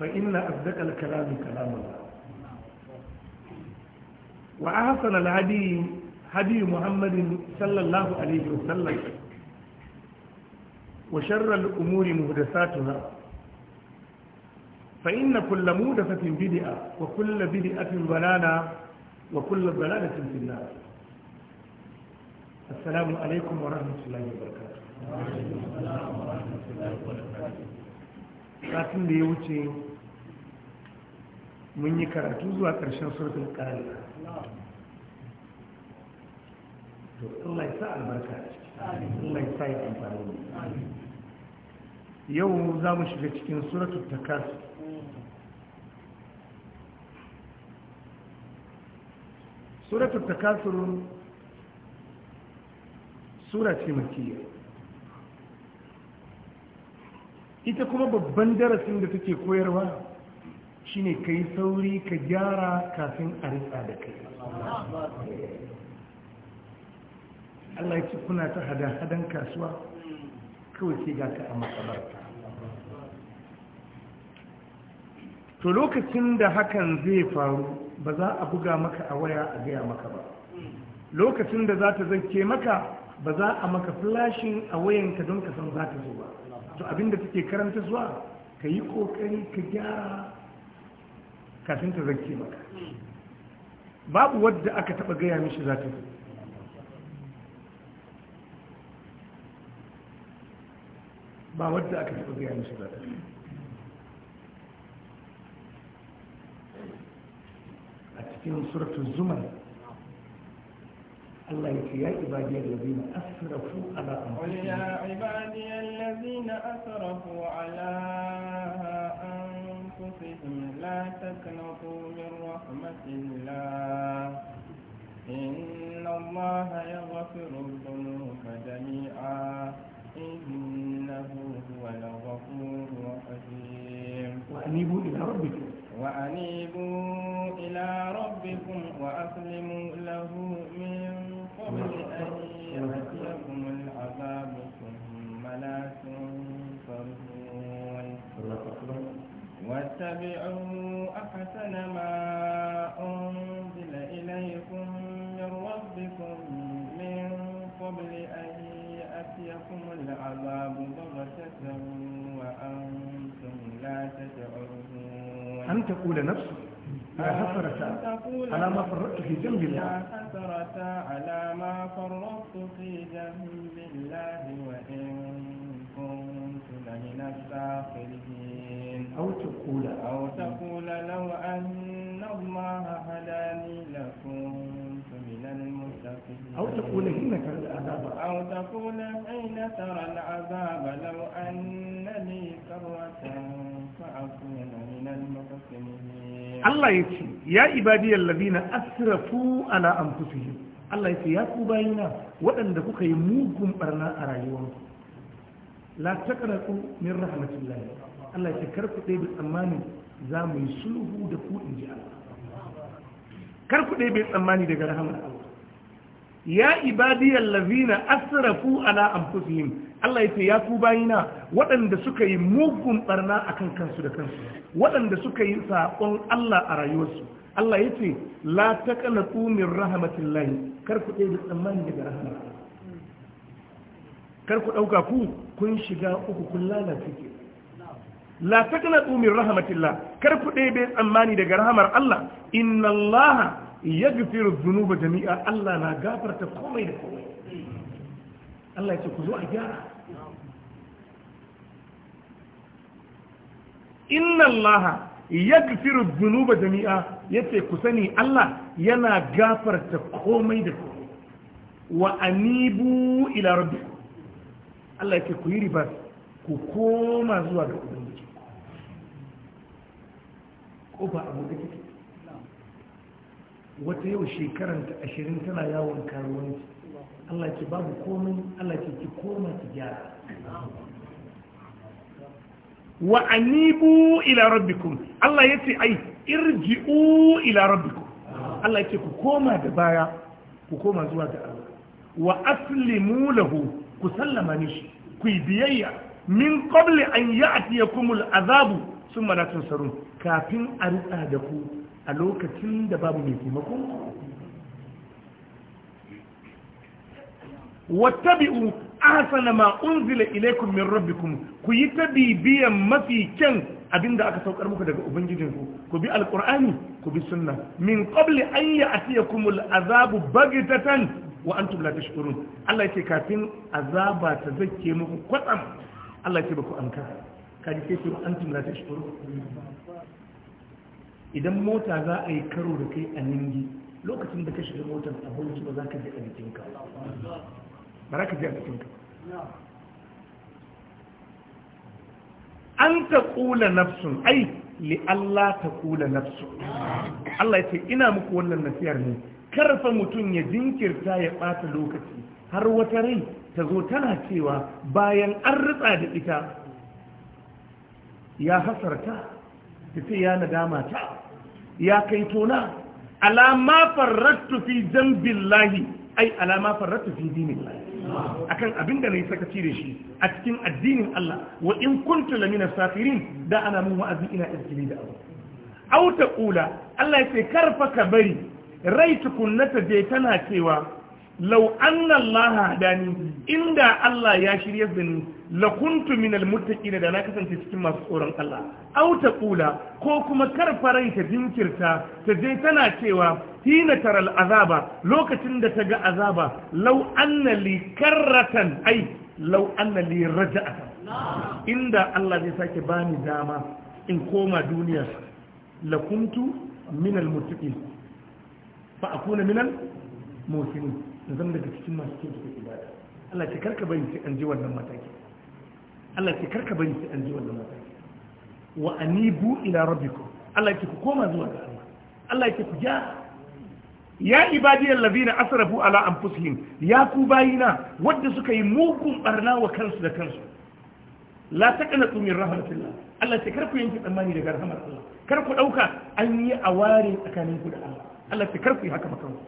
فإن أصدق الكلام كلام الله وأحسن الهدي هدي محمد صلى الله عليه وسلم وشر الأمور مهدساتها فإن كل مهدسة بدئة وكل بدئة ضلالة وكل ضلالة في النار السلام عليكم ورحمة الله وبركاته وعليكم السلام ورحمة الله وبركاته لكن ليوتي mun yi karatu zuwa ƙarshen surfin ƙarni to Allah ya sa albarka Allah ya sa ya amfani yau za mu shiga cikin suratul takas suratun takasurun sura ce makiyar. ita kuma babban darasin da take koyarwa shine ka yi sauri ka gyara kafin a rinsa da kai Allah ya ci kuna ta hada-hadan kasuwa kawai sai ga ka a matsalarta to lokacin da hakan zai faru ba za a buga maka a waya a gaya maka ba lokacin da za ta zance maka ba za a maka flashin a wayanka don ka san za ta zo ba to abinda take karanta zuwa ka yi kokari ka gyara kafin ta zanke maka babu wadda aka taba gaya mishi za ta zo ba wadda aka taba gaya mishi za ta zo a cikin suratun zumar الله يقول يا عبادي الذين أسرفوا على أنفسهم قل يا عبادي الذين أسرفوا على أنفسهم لا تقنطوا من رحمة الله إن الله يغفر الذنوب جميعا إنه هو الغفور الرحيم وأنيبوا إلى ربكم وأنيبوا إلى ربكم وأسلموا له واتبعوا أحسن ما أنزل إليكم من ربكم من قبل أن يأتيكم العذاب بغتة وأنتم لا تشعرون أن تقول نفسي يا حسرة على ما فرطت في جنب الله يا حسرة على ما فرطت في جنب الله وإن من الساخرين أو تقول أو تقول لو أن الله هداني لكنت من المتقين أو تقول حين ترى العذاب أو تقول حين ترى العذاب لو أن لي كرة فأكون من المحسنين الله يتي يا عبادي الذين أسرفوا على أنفسهم Allah ya ce ya ku bayina waɗanda kuka yi mugun barna a rayuwarku la taqraqu min rahmatillah Allah ya kar ku dai bi tsammani za mu yi sulhu da ku in ji Allah kar ku dai bi tsammani daga rahmar ya ibadiyal ladina asrafu ala anfusihim Allah ya ce ya ku bayina waɗanda suka yi mugun barna akan kansu da kansu waɗanda suka yi saƙon Allah a rayuwarsu Allah ya ce la taqnatu min rahmatillahi kar ku dai bi tsammani daga rahmar karku dauka ku kun shiga uku kun lalata ke la taqnatu min rahmatillah kar ku dai bai tsammani daga rahamar Allah inna Allah yaghfiru dhunuba jami'a Allah na gafarta komai da komai Allah ya ce ku zo a gyara inna Allah yaghfiru dhunuba jami'a yace ku sani Allah yana gafarta komai da komai wa anibu ila rabbikum Allah ya ce ku yi ribas ku koma zuwa ga ubangiji ba abu da kike wata yau ta ashirin tana yawon karuwanci Allah ya ce babu komai Allah ya ce ki koma ki gyara wa anibu ila rabbikum Allah ya ce ai irji'u ila rabbikum Allah ya ce ku koma da baya ku koma zuwa ga Allah wa aslimu lahu ku sallama mishi ku yi biyayya min qabli an ya'tiyakum al'azabu thumma la tunsarun kafin a rika da ku a lokacin da babu mai taimakon ku wattabi'u ahsana ma unzila ilaykum min rabbikum ku yi tabibiyan mafi kyan abinda aka saukar muku daga ubangijinku ku bi alqur'ani ku bi sunna min qabli an ya'tiyakum al'azabu baghtatan wa antum la tashkurun Allah yake kafin azaba ta zake muku kwatsam Allah yake baku anka kaji sai ku antum la tashkurun idan mota za a yi karo da kai a ningi lokacin da ka shiga motar a hulci ba za ka je a jikinka ba za ka je a jikinka an ta kula nafsun ai li Allah ta kula nafsu Allah ya ce ina muku wannan nasiyar ne karfa mutum ya jinkirta ya ɓata lokaci har wata rai ta zo tana cewa bayan an ritsa da ita ya hasarta ta ce ya nadama ta ya kai tona alama farrattu fi zambillahi ai alama farrattu fi dinillahi akan abin da nayi sakaci da shi a cikin addinin Allah wa in kuntu lamina safirin da ana mun wa'azi ina izgili da abu aw taqula Allah ya ce karfa ka bari rai tukunna ta je tana cewa lau anna Allah hadani inda Allah ya shirye da ni la kuntu minal muttaqin da na kasance cikin masu tsoron Allah Auta ta kula ko kuma kar ta jinkirta ta je tana cewa hina taral azaba lokacin da ta ga azaba lau anna li karratan ai lau anna li raja'atan inda Allah zai sake bani dama in koma duniya la kuntu minal muttaqin fa akuna minal muhsinin su zama daga cikin masu kyautata ibada Allah ce karka bari sai an ji wannan mataki Allah ce karka bari sai an ji wannan mataki wa anibu ila rabbikum Allah ce ku koma zuwa ga Allah Allah ce ku ja ya ibadiyal ladina asrafu ala anfusihim ya ku bayina wanda suka yi mugun barna wa kansu da kansu la taqnatu min rahmatillah Allah ce kar ku yanke tsammani daga rahmar Allah kar ku dauka an yi aware tsakanin ku da Allah Allah ce kar ku yi haka makanku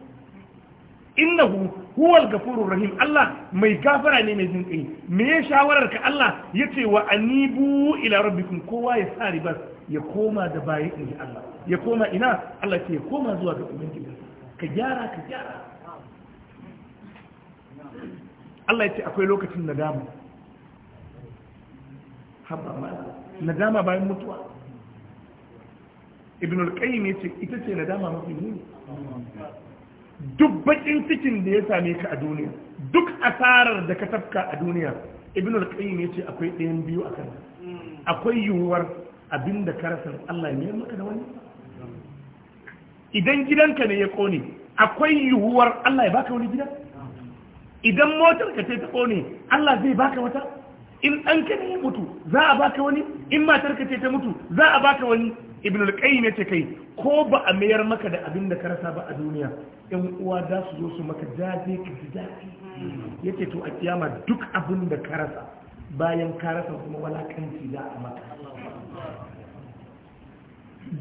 innahu huwal gafurur rahim Allah mai gafara ne mai kai, me ya shawarar ka Allah yace wa anibu ila rabbikum kowa ya sari bas ya koma da bayi in Allah ya koma ina Allah ce ya koma zuwa ga ubangiji ka gyara ka gyara Allah yace akwai lokacin nadama habba ma nadama bayan mutuwa ibn al-qayyim yace ita ce nadama mafi muni duk bakin cikin da ya same ka a duniya duk asarar da ka tafka a duniya ibn al-qayyim yace akwai ɗayan biyu a kan akwai yiwuwar abinda ka rasa Allah ne ya maka da wani idan gidanka ne ya kone akwai yiwuwar Allah ya baka wani gida idan motar ka ce ta kone Allah zai baka wata in ɗanka ne ya mutu za a baka wani in matarka ce ta mutu za a baka wani ibnul qayyim yace kai ko ba a mayar maka da abin da ka rasa ba a duniya ɗan uwa za su zo su maka jaje ka ji daɗi yace to a kiyama duk abin da ka rasa bayan ka rasa kuma walakanci za a maka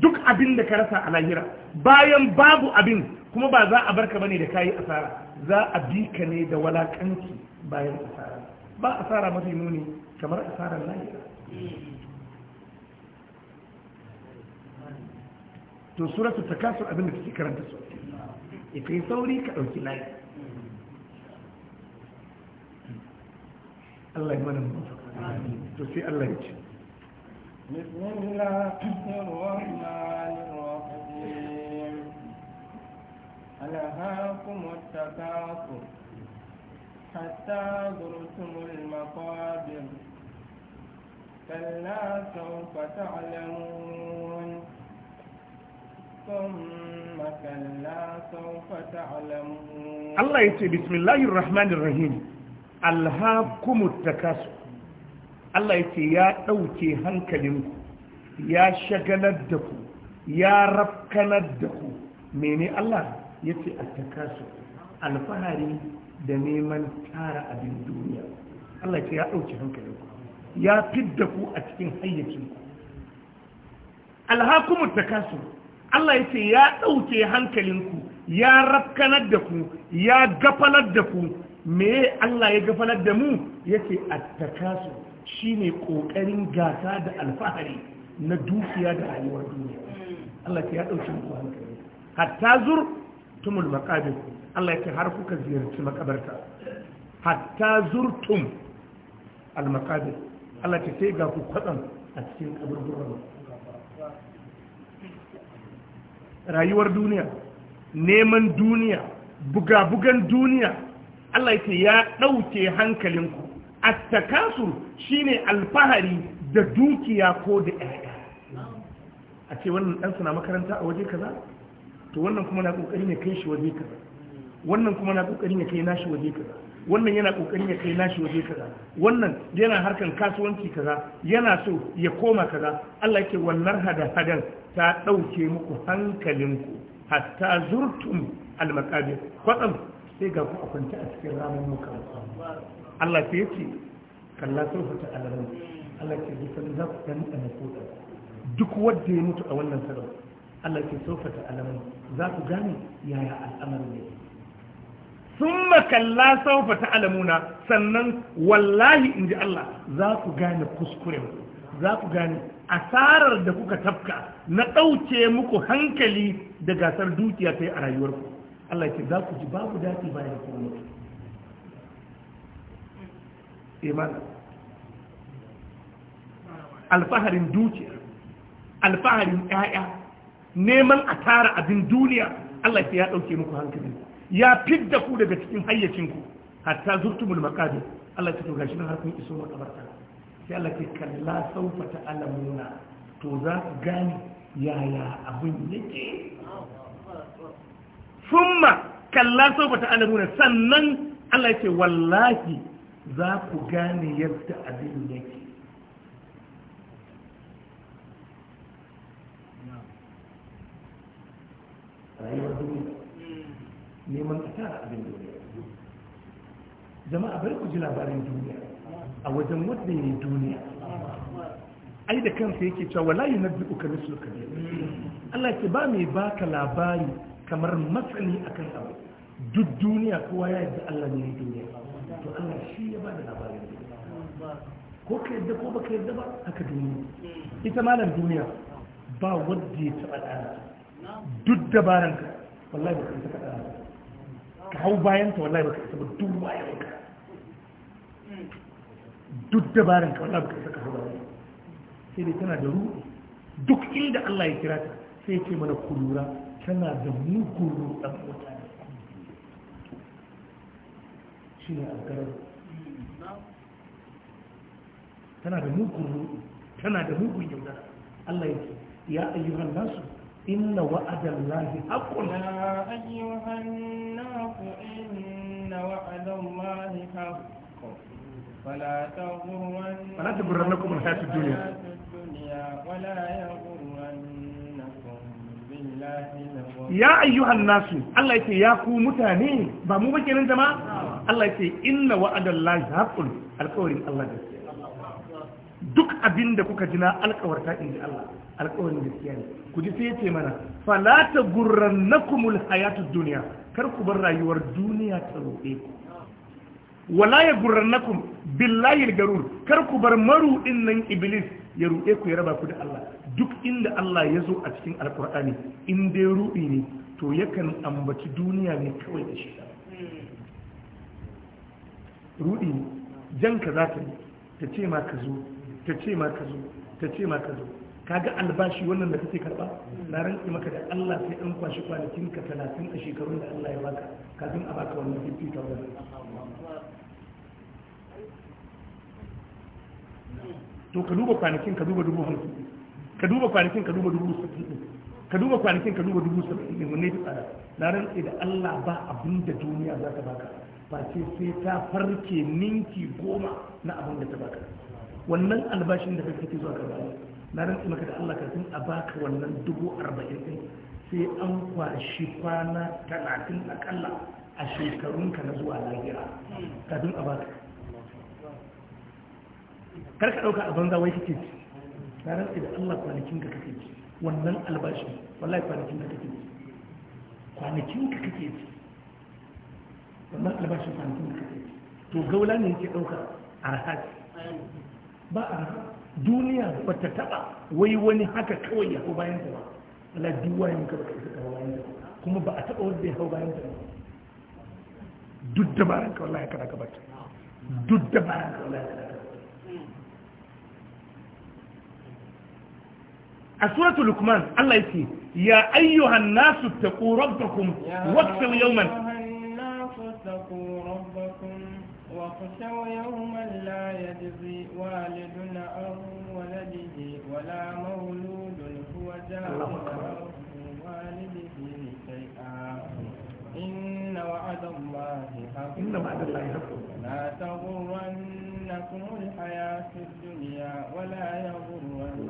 duk abin da ka rasa a lahira bayan babu abin kuma ba za a barka bane da kayi asara za a bi ka ne da walakanci bayan asara ba a asara mafi muni kamar a fara lahira to suratu takasur abin da take karanta su ita yi sauri ka ɗauki layi Allah ya mana mafaka to sai Allah ya ci بسم الله الرحمن الرحيم ألهاكم التكاثر حتى زرتم المقابر كلا سوف تعلمون ثم كلا سوف تعلمون الله يسير بسم الله الرحمن الرحيم ألهاكم التكاسر الله يسير يا أوتي هنكلمك يا شغلدك يا ربك ندك ميني الله يسير التكاسر الفهري da neman tara abin duniya Allah ce ya ɗauki hankali ya fidda ku a cikin hayyacin ku alhakumu takasu Allah ya ce ya ɗauke hankalinku ya rafkanar da ku ya gafalar da ku me Allah ya gafalar da mu yake Shi shine ƙoƙarin gasa da alfahari na dukiya da rayuwar duniya Allah ya dauke ku hatta zur tumul ku. Allah yake har kuka ziyarci makabarta hatta zurtum al-maqabir Allah ce sai ga ku kwatsam a cikin kaburburan rayuwar duniya neman duniya buga-bugan duniya Allah yake ya ɗauke hankalinku attakasur shine alfahari da dukiya ko da ƴaƴa a ce wannan ɗansa na makaranta a waje kaza to wannan kuma na ƙoƙari ne kai shi waje kaza wannan kuma na kokarin ya kai nashi waje kaza wannan yana kokarin ya kai nashi waje kaza wannan yana harkan kasuwanci kaza yana so ya koma kaza Allah yake wannan hada hadan ta dauke muku hankalinku hatta zurtum almaqabir kwatsam sai ga ku kwanta a cikin ramin muka Allah sai yace kalla sofa ta alaran Allah ke ji san za ku dan dan koda duk wanda ya mutu a wannan sarau Allah ke sofa ta alaran za ku gane yaya al'amarin ne sun kalla saufa ta alamuna sannan wallahi in ji Allah za ku gane kuskuren za ku gane asarar da kuka tafka na ɗauce muku hankali da gasar dukiya sai yi a rayuwarku Allah ya ce za ku ji babu daɗi bayan kuma iman eh, alfaharin dukiya alfaharin 'ya'ya neman a tara abin duniya Allah ya ɗauke muku hankali ya fidda ku daga cikin hayyacinku hatta zurtumul maqabir Allah ya to shi nan har kun iso makabarta sai Allah ke kalla saufa ta alamuna to za ku gane yaya abin yake summa kalla saufa ta alamuna sannan Allah ya ce wallahi za ku gane yadda abin yake rayuwar duniya neman a tara abin duniya jama'a bari ku ji labarin duniya a wajen wanda ya duniya ai da kansa yake cewa wala yi nabi uka misu kabir Allah ke ba mai baka labari kamar matsani akan abu duk duniya kowa ya yi Allah ne duniya to Allah shi ya ba da labarin ko ka yadda ko baka yadda ba haka duniya ita malam duniya ba wadda ya taɓa ɗana duk dabaranka wallahi ba ka taɓa ɗana ka hau bayan ta wallahi baka isa ba duk wayan ka duk dabaran ka wallahi baka isa ka hau bayan sai dai tana da ruɗi duk inda Allah ya kira ta sai ce mana ku lura tana da mugun ruɗan mutane shi ne alkarar tana da mugun ruɗi tana da mugun yaudara Allah ya ce ya ayyuhan nasu إن وعد الله حق يا أيها الناس إن وعد الله حق فلا تغرن فلا تغرنكم الحياة الدنيا ولا يغرنكم بالله يا أيها الناس الله يتي ياكو متاني بامو بكين جماعة الله يتي إن وعد الله حق القول الله جسيا duk abin da kuka ji na alkawarta in ji Allah alkawarin gaskiya ne ku ji sai yace mana fala ta gurrannakumul hayatud dunya kar ku bar rayuwar duniya ta roƙe ku wala ya gurrannakum billahi garur kar ku bar maruɗin nan iblis ya ruɗe ku ya raba ku da Allah duk inda Allah ya zo a cikin alkur'ani in dai ruɗi ne to yakan ambaci duniya ne kawai da shi ruɗi ne jan ka za ta yi ta ce ma ka zo ta ce ma ka zo ta ce ma ka zo kaga albashi wannan da kake karba na ranki maka da Allah sai an kwashi kwanakin ka 30 a shekarun da Allah ya baka kafin a baka wannan 50000 to ka duba kwanakin ka duba dubu hamsin ka duba kwanakin ka duba dubu sittin ka duba kwanakin ka duba dubu sittin ne wanne tsara na rantsi da Allah ba abin da duniya za ta baka face sai ta farke ninki goma na abin da ta baka wannan albashin da kake zuwa ka bayar na rantsi maka da Allah kafin a baka wannan dubu arba'in din sai an kwashi kwana talatin akalla a shekarunka na zuwa lahira kafin a baka karka ɗauka a banza wai kake ci na rantsi da Allah kwanakin ka kake ci wannan albashin wallahi kwanakin ka kake ci kwanakin ka kake ci wannan albashin kwanakin ka kake ci to gaula ne yake ɗauka a ba a duniya ba ta taba wai wani haka kawai ya hau bayan ba ala duwa yin ka baka ka hau bayan kuma ba a taba wanda ya hau bayan ba duk da bayan ka wallahi kada ka bata duk da bayan ka wallahi a suratul lukman Allah yake ya ayyuhan nasu taqu rabbakum waqtil yawman ya ayyuhan nasu taqu Shawarar Malla ya jirgi wa'iduna abu wala na kuma hayasu duniya, wala yana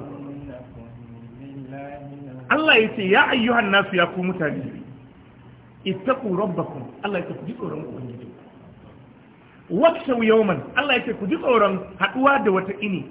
ya ce mutane, itaƙu roba kun!' Allah ya ce 'Ku ji kwaro maku kwanan jiki!' wakshau yawman Allah yake ku ji tsoron haduwa da wata ini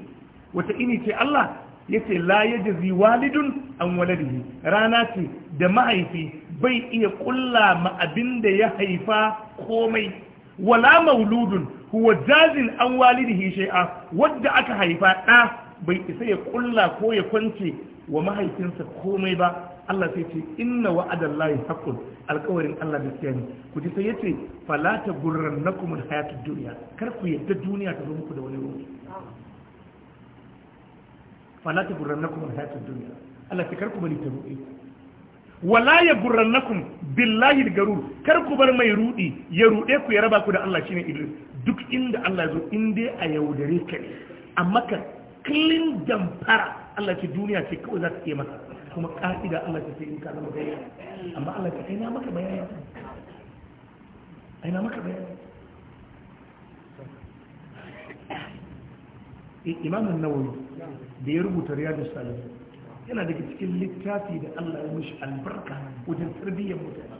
wata ini ce Allah yace la yajzi walidun an waladihi rana ce da mahaifi bai iya kulla ma abin da ya haifa komai wala mauludun huwa jazin an walidihi shay'a wadda aka haifa da bai isa ya kulla ko ya kwance wa mahaifinsa komai ba Allah sai ce inna wa'adallahi haqqun alƙawarin Allah gaskiya ne ku ji sai yace fala ta gurrannakum alhayatud dunya kar ku yadda duniya ta zo muku da wani ruwa fala ta gurrannakum alhayatud dunya Allah sai kar ku bari ta ruɗe wala ya gurrannakum billahi garur kar ku bar mai rudi ya rude ku ya raba ku da Allah shine Idris. duk inda Allah zo in dai a yaudare ka ne amma ka clean damfara Allah ce duniya ce kawai za ta iya masa kuma ka'ida Allah ta ce in ka zama gari amma Allah ta aina maka bayani aina maka bayani an nawawi da ya rubuta Riyadus salih yana daga cikin littafi da Allah ya mishi albarka wajen tarbiyyar mutane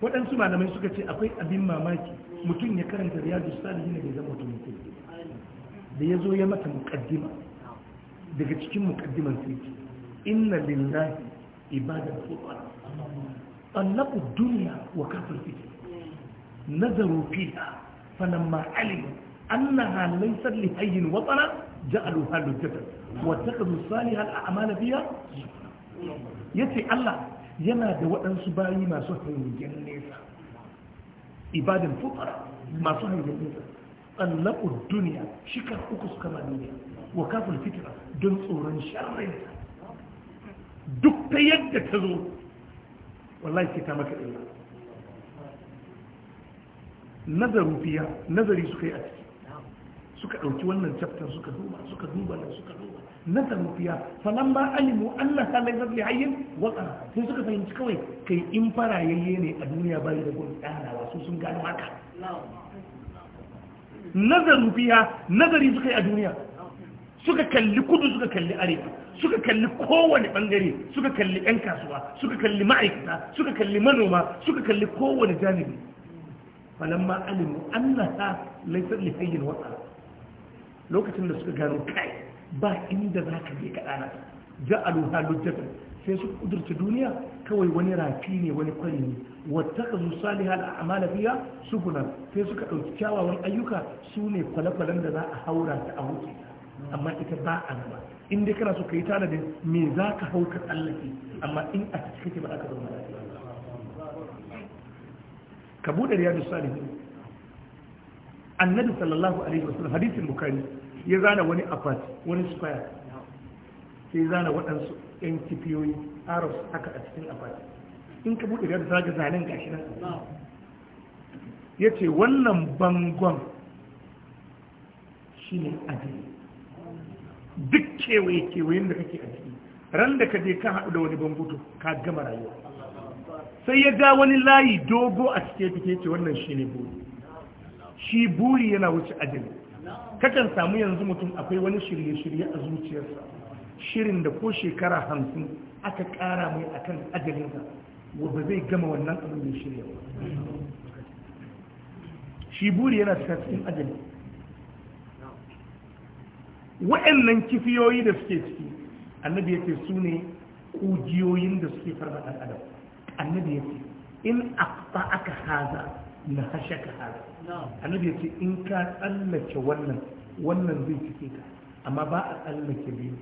waɗansu malamai suka ce akwai abin mamaki mutum ya karanta salih ne da zama mutum mutum da ya zo ya mata muqaddima daga cikin mukaddiman sai إن لله إبادة فقراء طلقوا الدنيا وكفر فيها نظروا فيها فلما علموا أنها ليست لحي وطنا جعلوا هذا الجبل واتخذوا الصالح الأعمال فيها يسي الله ينا دوأن سبائي ما سحر من جنيسة إبادة فقراء ما سحر من جنيسة طلقوا الدنيا شكر أقص كما دنيا وكافوا الفترة دون صورا شرين duk ta yadda ta zo wallahi sai ta maka illa nazaru fiya nazari suka yi a ciki suka ɗauki wannan chapter suka duba suka duba da suka duba nazaru fiya falan ba alimu Allah ta laifar da hayyin waka sai suka fahimci kawai kai in fara yayye ne a duniya bayi da gudu ɗanawa wasu sun gano haka nazaru fiya nazari suka yi a duniya suka kalli kudu suka kalli arewa suka kalli kowane bangare suka kalli 'yan kasuwa suka kalli ma'aikata suka kalli manoma suka kalli kowane janibi falamma alimu annaha laysat li hayyin wata lokacin da suka gano kai ba inda za ka je ka dana ja'alu halujjatan sai su kudurta duniya kawai wani rafi ne wani kwari ne wata ka zu saliha da amala fiya sufunan sai suka ɗauki kyawawan ayyuka su ne kwale-kwalen da za a haura ta a wuce amma ita ba a gaba in dai kana so ka yi tanadin me za ka hau ka tsallake amma in a cikin kake ba aka zauna lafiya ka buɗe riyadu salihin annabi sallallahu alaihi wasallam hadisin bukari ya zana wani akwati wani square sai zana waɗansu yan kifiyoyi aros haka a cikin akwati in ka buɗe riyadu zaga zanen gashi nan ya ce wannan bangon shi ne ajiye duk kewaye kewayen da kake a ciki ran da ka je ka haɗu da wani bambuto ka gama rayuwa sai ya ga wani layi dogo a cike take ce wannan shi ne buri shi buri yana wuce ajali kakan samu yanzu mutum akwai wani shirye-shirye a zuciyarsa shirin da ko shekara hamsin aka ƙara mai akan ajalinsa wanda zai gama wannan abin da shirya shi buri yana cikin ajali wa'annan kifiyoyi da suke ciki annabi ya ce su ne kujiyoyin da suke farma ɗan adam annabi ya ce in akpa aka haza na hasha ka haza annabi ya ce in ka tsallake wannan wannan zai cike ka amma ba a tsallake biyu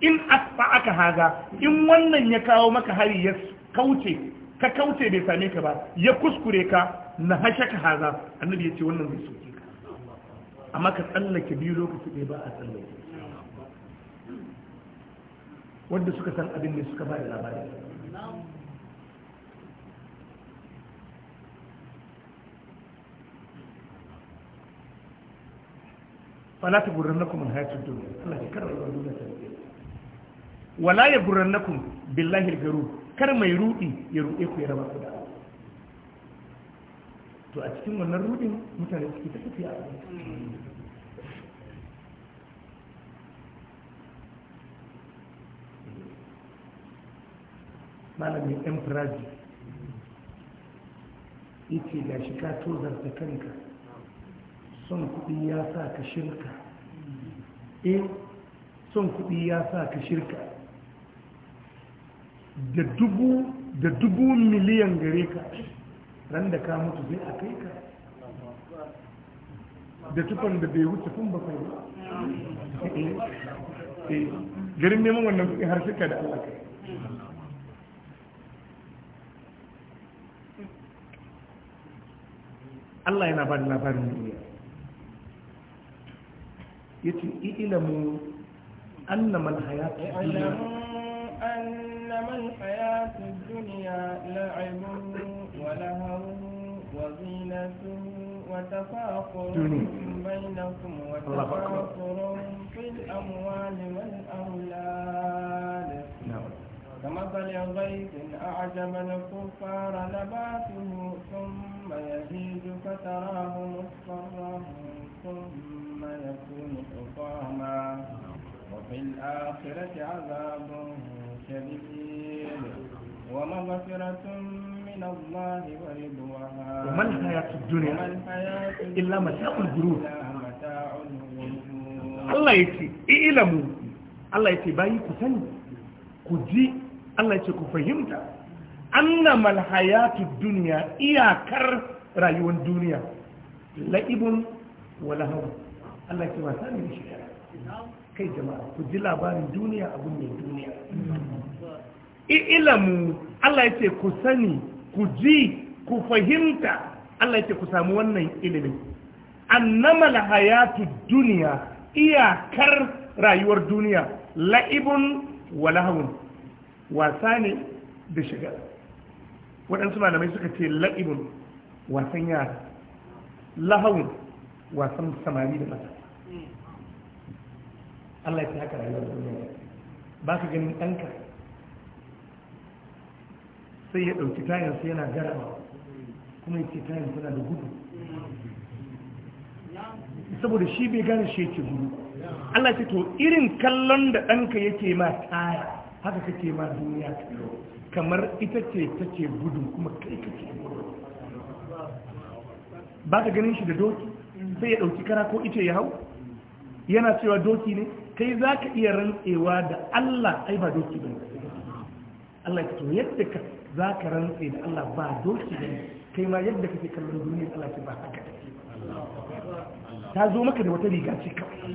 in akpa aka haza in wannan ya kawo maka hari ya kauce ka kauce bai same ka ba ya kuskure ka na ka haza annabi ya ce wannan zai soke ka amma ka tsallake biyu lokaci ɗaya ba a tsallake wanda suka san abin ne suka ba da labari fala ta gurrannakum alhayatud dunya Allah ya karɓa wa duniya ta wala ya gurrannakum billahi algaru kar mai rudi ya rude ku ya raba ku da cikin wannan rudin mutane suke ta tafiya a malamin emfiraji yace ga shi ka tozarta kanka son kuɗi ya sa ka shirka eh son kuɗi ya sa ka shirka da dubu miliyan gare ka ran da ka mutu zai a kai ka da tufan da bai wuce kun bakwai ba eh, eh, garin neman wannan kuɗi har suka da Allah kai Allah yana ba da labarin duniya ce ilamu annaman hayatu dunya أنما الحياة الدنيا لعب ولهو وزينة وتفاخر بينكم وتفاخر في الأموال والأولاد كمثل غيث أعجب الكفار نباته ثم يهيج فتراه مصفرا ثم يكون حطاما وفي الآخرة عذاب شديد ومغفرة من الله ورضوان وما الحياة الدنيا إلا متاع الغرور Allah ya ce, i ilamu, Allah ya ce bayi ku sani, ku ji, Allah ya ce ku fahimta, annamal hayatu duniya iyakar rayuwar duniya, la'ibun wa lahawu, Allah ya ce wasa ne da shi kai jama'a ku ji labarin duniya abu mai duniya ilamu Allah ya ce ku sani ku ji ku fahimta Allah ya ce ku samu wannan ilimin annama lahayatu duniya iyakar rayuwar duniya la'ibun wa lahawun wasa ne da shiga waɗansu malamai suka ce la'ibun wasan yara lahawun wasan samari da mata Allah ya ce haka rayuwar duniya ba ka ganin ɗanka sai ya ɗauki tayansa yana garawa kuma ya ce tayansa na da gudu saboda shi bai gane shi yake gudu Allah ce to irin kallon da ɗanka yake ma taya haka kake ma duniya kamar ita ce ta ce gudu kuma kai kake gudu ba ka ganin shi da doki sai ya ɗauki kara ko ice ya hau yana cewa doki ne kai za ka iya rantsewa da Allah ai ba doki ba Allah ya to yadda ka za ka rantse da Allah ba doki ba kai ma yadda kake kallon duniya Allah ce ba haka ta zo maka da wata riga ce kawai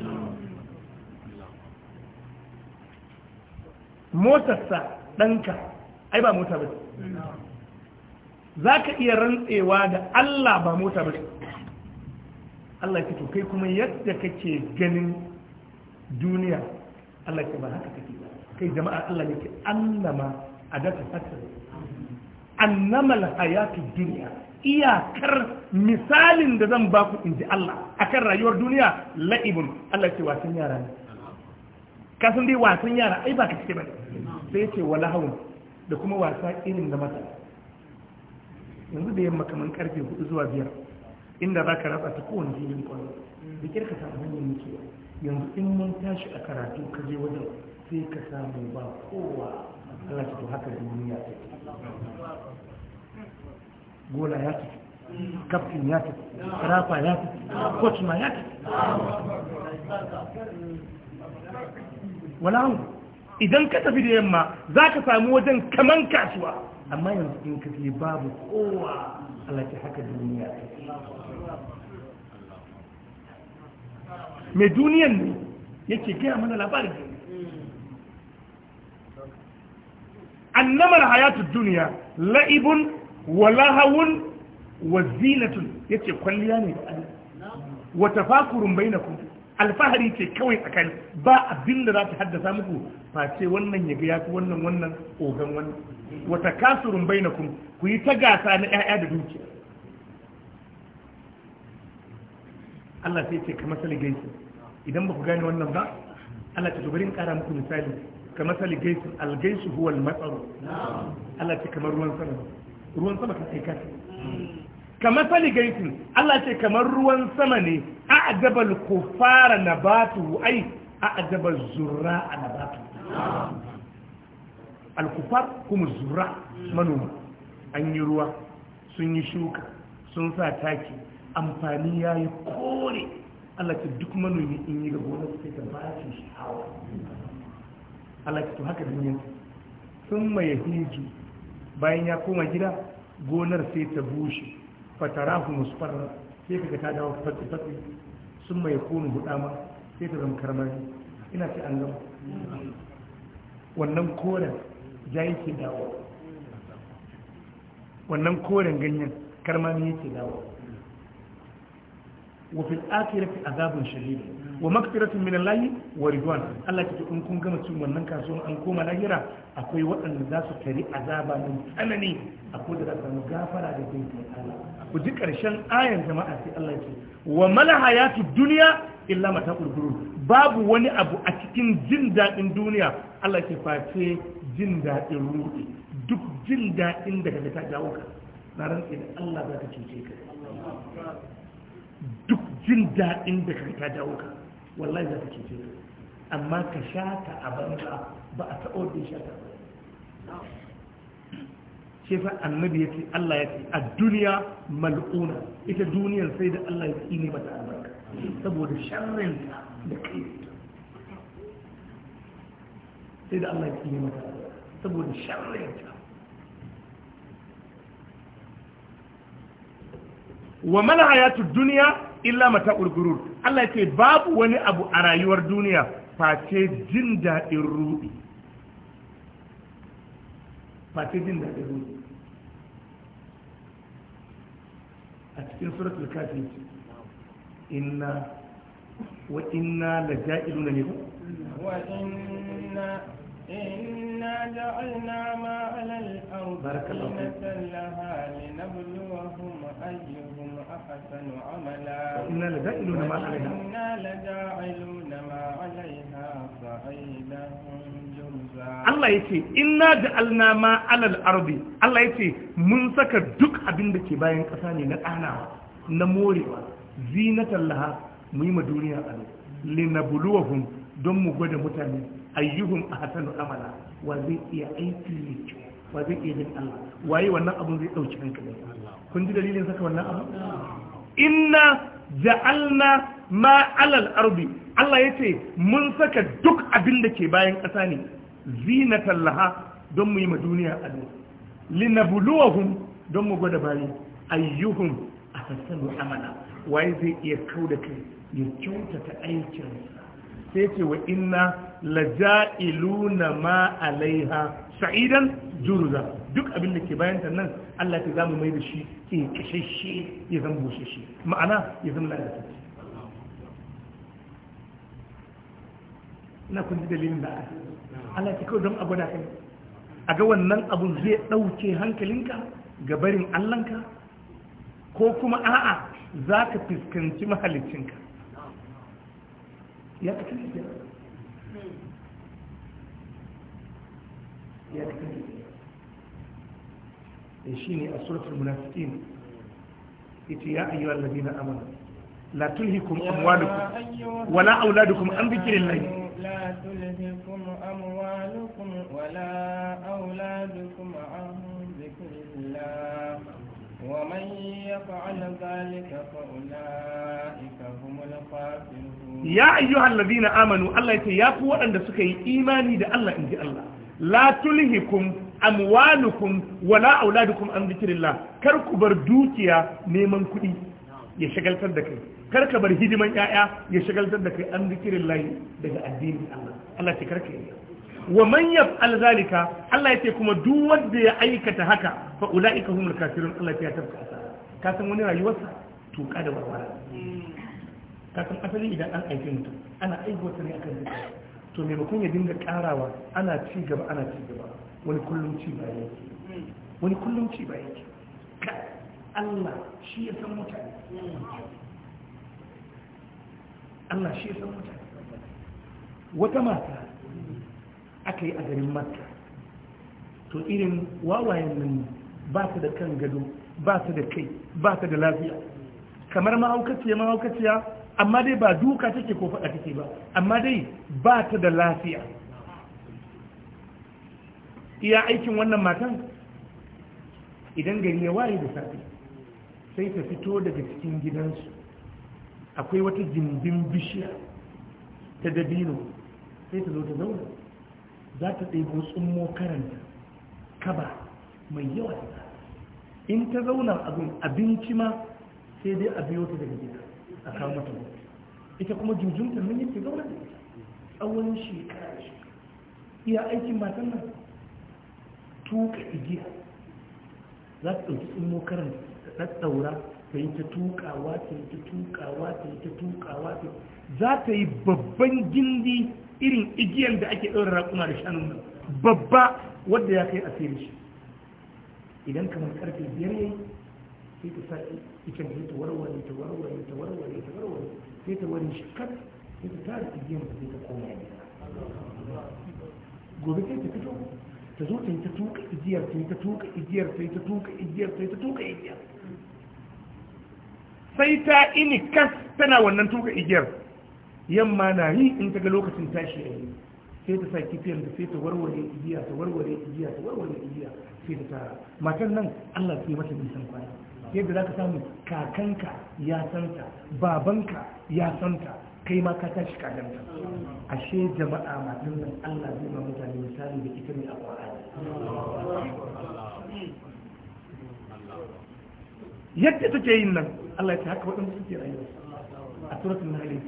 motarsa ɗanka ai ba mota ba za ka iya rantsewa da Allah ba mota ba Allah ya fito kai kuma yadda kake ganin duniya Allah ke ba haka take kai jama'a Allah ke annama adatu hasr annama alhayatu dunya iyakar misalin da zan baku ji Allah akan rayuwar duniya la'ibun Allah ce wasan yara ne ka san dai wasan yara ai ba ka ce ba sai ce wala da kuma wasa irin da mata yanzu da yamma kaman karfe 4 zuwa 5 inda ka rasa ta kowane filin kwallo da kirka ta hanyar mutuwa yanzu in mun tashi a karatu ka je wajen sai ka samu ba kowa Allah ta haka duniya ta gola ya tafi kaftin ya tafi rafa ya tafi coach ma ya tafi wala idan ka tafi da yamma za ka samu wajen kaman kasuwa amma yanzu in ka je babu kowa Allah ta haka duniya ta mai duniyan ne yake gaya mana labarin annamar hayatu duniya la'ibun wa lahawun wa zinatun yake kwalliya ne da wa tafakurun bainakum alfahari ce kawai kan ba abin da za ta haddasa muku face wannan ya gaya yafi wannan wannan ogan wannan wata kasurun bainakum ku yi ta gasa na 'ya'ya da dukiya Allah sai ce kamar sali gaisu idan ba ku gane wannan ba Allah ce to bari in kara muku misali kamar sali gaisu algaisu huwa almatsaru Allah ce kamar ruwan sama ruwan sama ka sai ka kamar sali gaisu Allah ce kamar ruwan sama ne a ajabal kufara nabatu ai a ajabal zurra nabatu alkufar kuma zura manoma an yi ruwa sun yi shuka sun sa taki amfani ya yi kore Allah ce duk manomi in yi ga gonar sai ta ba shi shawa Allah ce to haka duniyar sun mai hiji, bayan ya koma gida gonar sai ta bushe fatarahu musfarra sai ka ta dawo fatsi-fatsi sun mai kone ma sai ta zama karmari ina ce an gama wannan koren ja yake dawo wannan koren ganyen karmami yake dawo wa fil akhirati azabun shadid wa maghfiratun min Allah wa ridwan Allah ya ce in kun gama cin wannan kasuwan an koma lahira akwai waɗanda za su tari azaba mai tsanani akwai da za su gafara da jin Allah ku ji karshen ayan jama'a sai Allah ya ce wa mal hayatu dunya illa mata'ul ghurur babu wani abu a cikin jin daɗin duniya Allah ke face jin daɗin ruɗi duk jin daɗin daga ta jawo ka na rantsi da Allah za ka cuce ka duk jin daɗin da ka dawo ka wallahi za ta cece ka amma ka sha ta a banza ba a taɓa da sha ta ba fa annabi ya ce Allah ya ce a duniya mal'una ita duniyar sai da Allah ya tsine mata albarka saboda sharrin da kai sai da Allah ya tsine mata saboda sharrin ta wa mana hayatu duniya illa mata gurur Allah ya ce babu wani abu a rayuwar duniya face jin daɗin ruɗi face jin daɗin ruɗi a cikin suratul kafin inna wa inna la ja'iluna ne wa inna جعلنا ما على الأرض زينة لها لنبلوهم أيهم أحسن عملا إنا لجاعلون ما عليها إنا لجاعلون ما عليها صعيدا Allah ya ce, Inna ja'alna ma alal ardi Allah ya ce, Mun saka duk abin da ke bayan ƙasa ne na ɗanawa, na morewa, zinatan laha, mu yi ma duniya ado, linabuluwahum don mu gwada mutane, ayyuhun a hasanu amala, wa zai iya aiki ne wa zai iya jin Allah waye wannan abun zai dauki hankali kun ji dalilin saka wannan abu inna ja'alna ma alal ardi Allah yace mun saka duk abin da ke bayan ƙasa ne zinatan laha don mu yi ma duniya ado linabluwahum don mu gwada bayi ayyuhum ahsanu amala waye zai iya kauda kai ya kyautata aikinsa sai ce wa inna laja'iluna ma alaiha sa'idan juruza duk abin da ke bayanta nan Allah ta zamu mai da shi ke kishashe ya zama bushashe ma'ana ya zama lalata na kun ji dalilin da Allah ta kawai don a gwada kai a ga wannan abun zai ɗauke hankalinka ga barin Allahnka ko kuma a'a za ka fuskanci mahaliccinka. ya ka cikin ya da kan da eh, shi ne a suratul munafiqin ita ya ayyuha alladhina amanu la tulhikum amwalukum wala auladukum an dhikrillah la tulhikum amwalukum wala auladukum an dhikrillah ومن يفعل ذلك فأولئك هم الخاسرون يا أيها الذين آمنوا الله يتيافوا أن تسكي إيماني دا الله إن la tulhikum amwalukum wala auladukum an zikrillah kar ku bar dukiya neman kuɗi ya shagaltar da kai kar ka bar hidiman yaya ya shagaltar da kai an zikrillah daga addinin Allah Allah ce karka yi wa man yaf'al zalika Allah ya ce kuma duk wanda ya aikata haka fa ulaika humul kafirun Allah ya tafka ka san wani rayuwarsa tuka da warwara hmm. ka san asali idan an aike mutum ana aiwatar ne akan zikri to maimakon ya dinga karawa ana ci gaba ana ci gaba wani kullum ci ba yake wani kullum ci ba yake ka Allah shi ya san mutane Allah shi ya san mutane wata mata aka yi a garin makka to irin wawayen nan ba ta da kan gado ba ta da kai ba ta da lafiya kamar mahaukaciya mahaukaciya amma dai ba duka take ko faɗa take ba amma dai ba ta da lafiya iya aikin wannan matan idan gari ya waye da safe sai ta fito daga cikin gidansu akwai wata jimbin bishiya ta dabino sai ta zo ta zauna za ta ɗaibo tsummo karanta kaba mai yawa ta in ta zauna abinci ma sai dai a biyo ta daga gida a kawo mata ita kuma jujunta yi yake zaune da ita tsawon shekara da shekara iya aikin matan nan tuka igiya za ta ɗauki mokarin ta ɗaɗɗaura ta yi ta tukawa ta yi ta tukawa ta yi ta tukawa ta za ta yi babban gindi irin igiyan da ake ɗaura raƙuma da shanun nan babba wadda ya kai asiri shi idan kamar karfe biyar yayi sai ta sa ikin sai ta warware ta warware ta warware ta warware sai ta wani shakar sai ta tara igiyar ta ta koma gida gobe sai ta fito ta zo ta yi ta tuka igiyar ta yi ta tuka igiyar ta yi ta tuka igiyar ta yi ta tuka igiyar sai ta ini kas tana wannan tuka igiyar yamma na yi in ta ga lokacin tashi a yi sai ta sa kifiyar da sai ta warware igiya ta warware igiya ta warware igiya sai ta tara matan nan allah ke mata nisan kwana yadda za ka samu kakanka ya santa babanka ya santa kai ma ka tashi kakanta ashe jama'a matan nan allah zai ma mutane misali da ita ne a ƙwararri yadda take yin nan allah ya ta haka waɗanda suke rayuwa a suratun nahalin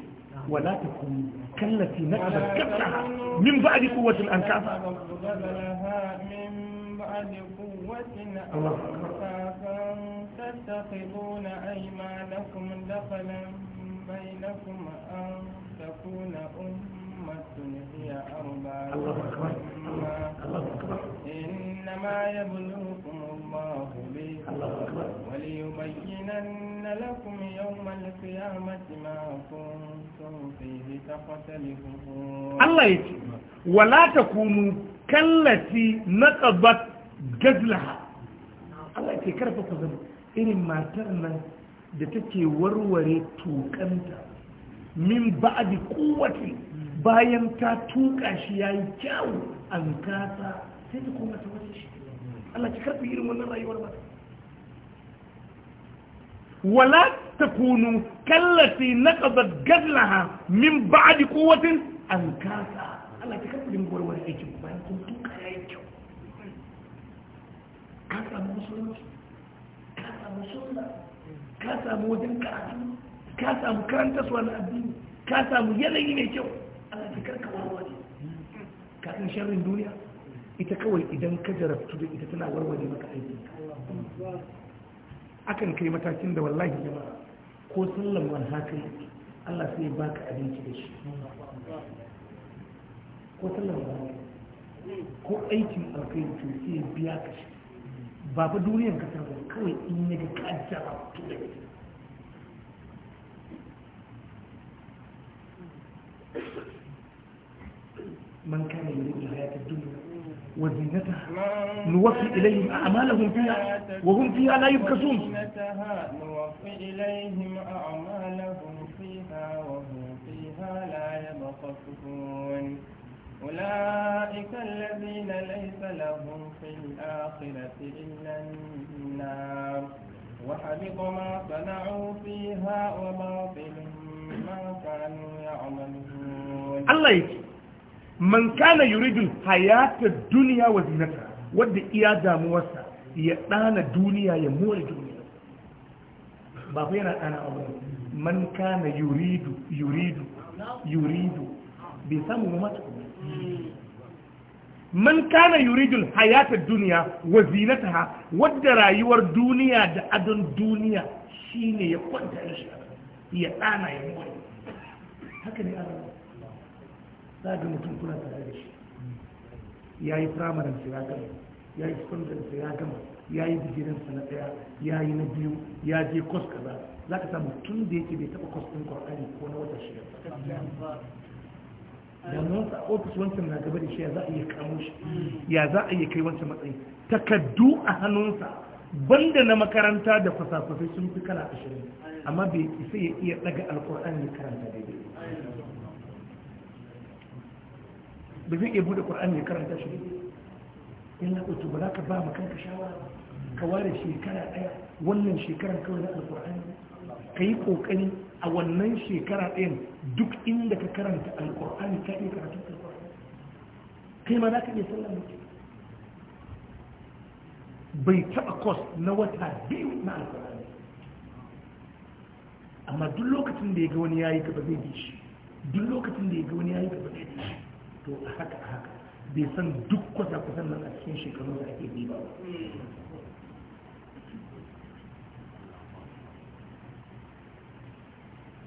ولا تكونوا كالتي نقضت كبتها من بعد قوة أنكافة بعد قوة أنفا تتخذون أيمانكم دخلا بينكم أن تكون أمة هي أربع إنما يبلوكم الله به وليبينن لكم يوم القيامة ما كنتم فيه تختلفون الله يتي ولا تكونوا كالتي نقضت gazlaha Allah ke karfafa zama irin matar nan da take warware tukanta min a kowace bayan ta tuka shi ya yi kyau an kasa sai ta koma ta wace shi Allah ki karfi irin wannan rayuwar ba wala ta kunu kallafi na naqadat gazlaha min ba'di quwwatin an kasa Allah ki karfi din warware aikin ka samu musulunci ka samu ka samu wajen karatu ka samu karanta suwa na addini ka samu yanayi mai kyau ana ta karka warware ka san sharrin duniya ita kawai idan ka jarabtu da ita tana warware maka aiki akan kai matakin da wallahi jama'a ko sallan wani haka Allah sai ya baka abinci da shi ko sallan wani ko aikin alkai to sai ya biya ka shi ba duniyar ka ta kawai in ya ga kajjara من كان يريد الحياة الدنيا وزينتها نوفي إليهم أعمالهم فيها وهم فيها لا يبخسون نوفي إليهم أعمالهم فيها وهم فيها لا يبخسون أولئك الذين ليس لهم في الآخرة إلا النار وحبط ما صنعوا فيها وباطل ما كانوا يعملون الله يجي من كان يريد الحياة الدنيا وزينتها ود إيادة موسى يتنى دنيا يمور دنيا بابينا أنا أبو من كان يريد يريد يريد bai samu ba mata man kana yuridul hayatar duniya wa zinataha wadda rayuwar duniya da adon duniya shine ya kwanta shi ya tsana ya mutu haka ne ana za ga mutum kuna tare da shi ya yi firamarin su ya gama ya yi sekundarin su ya gama ya yi digirinsa na daya ya yi na biyu ya je kos kaza za ka samu tun da yake bai taba kos ɗin ƙwarƙari ko na wata shiga. mun a ofis wancan na gaba da shi ya za a iya kamo shi ya za a iya kai wancan matsayi takaddu a hannunsa banda na makaranta da fasafafi sun fi kala ashirin amma bai isa ya iya daga alkur'an ya karanta daidai ba zai iya bude kur'ani ya karanta shi in na ɗauki ba za ka ba ma kanka shawara ka ware shekara ɗaya wannan shekarar kawai na alkur'ani ka yi ƙoƙari a wannan shekara ɗin duk inda ka karanta alƙur'ani ka iya karatun alkur'ani kai ma za ka iya sallah mutu bai taɓa kos na wata biyu na alƙur'ani amma duk lokacin da ya ga wani yayi gaba zai bi shi duk lokacin da ya ga wani yayi gaba zai bi shi to a haka a haka bai san duk kwasa-kwasan nan a cikin shekaru da ake bi ba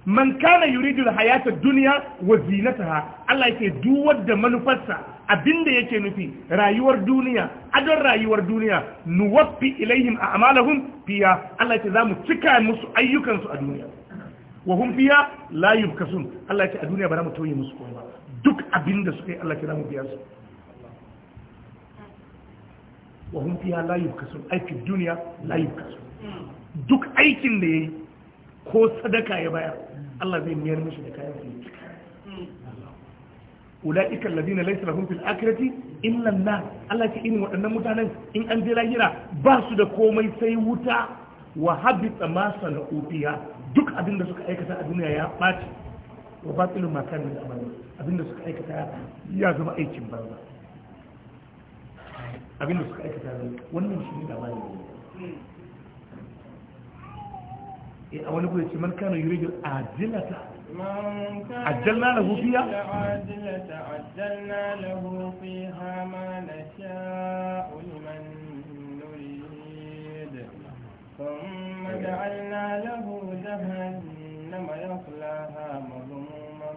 man kana yuridul hayata dunya wa zinataha Allah yake duk wanda manufarsa abinda yake nufi rayuwar duniya adon rayuwar duniya nuwaffi ilaihim a'malahum fiha Allah yake zamu cika musu ayyukansu a duniya wa hum fiha la yubkasun Allah yake a duniya ba za mu tauye musu komai ba duk abinda suka yi Allah yake zamu biya su wa hum fiha la yubkasun aikin duniya la yubkasun duk aikin da yayi ko sadaka ya bayar Allah zai miyar mishi da kayan su ulaika alladhina laysa lahum fil akhirati illa an-nar Allah ce irin waɗannan mutanen in an je lahira ba su da komai sai wuta wa habita ma sana'u fiha duk abin da suka aikata a duniya ya ɓaci wa batilu ma kan min amali abin da suka aikata ya zama aikin banza abin da suka aikata wannan shi ne da bani أولا يقول من كان يريد العجلة عجلنا له فيها عجلة عجلنا له فيها ما نشاء لمن نريد ثم جعلنا له جهنم يخلاها مظموما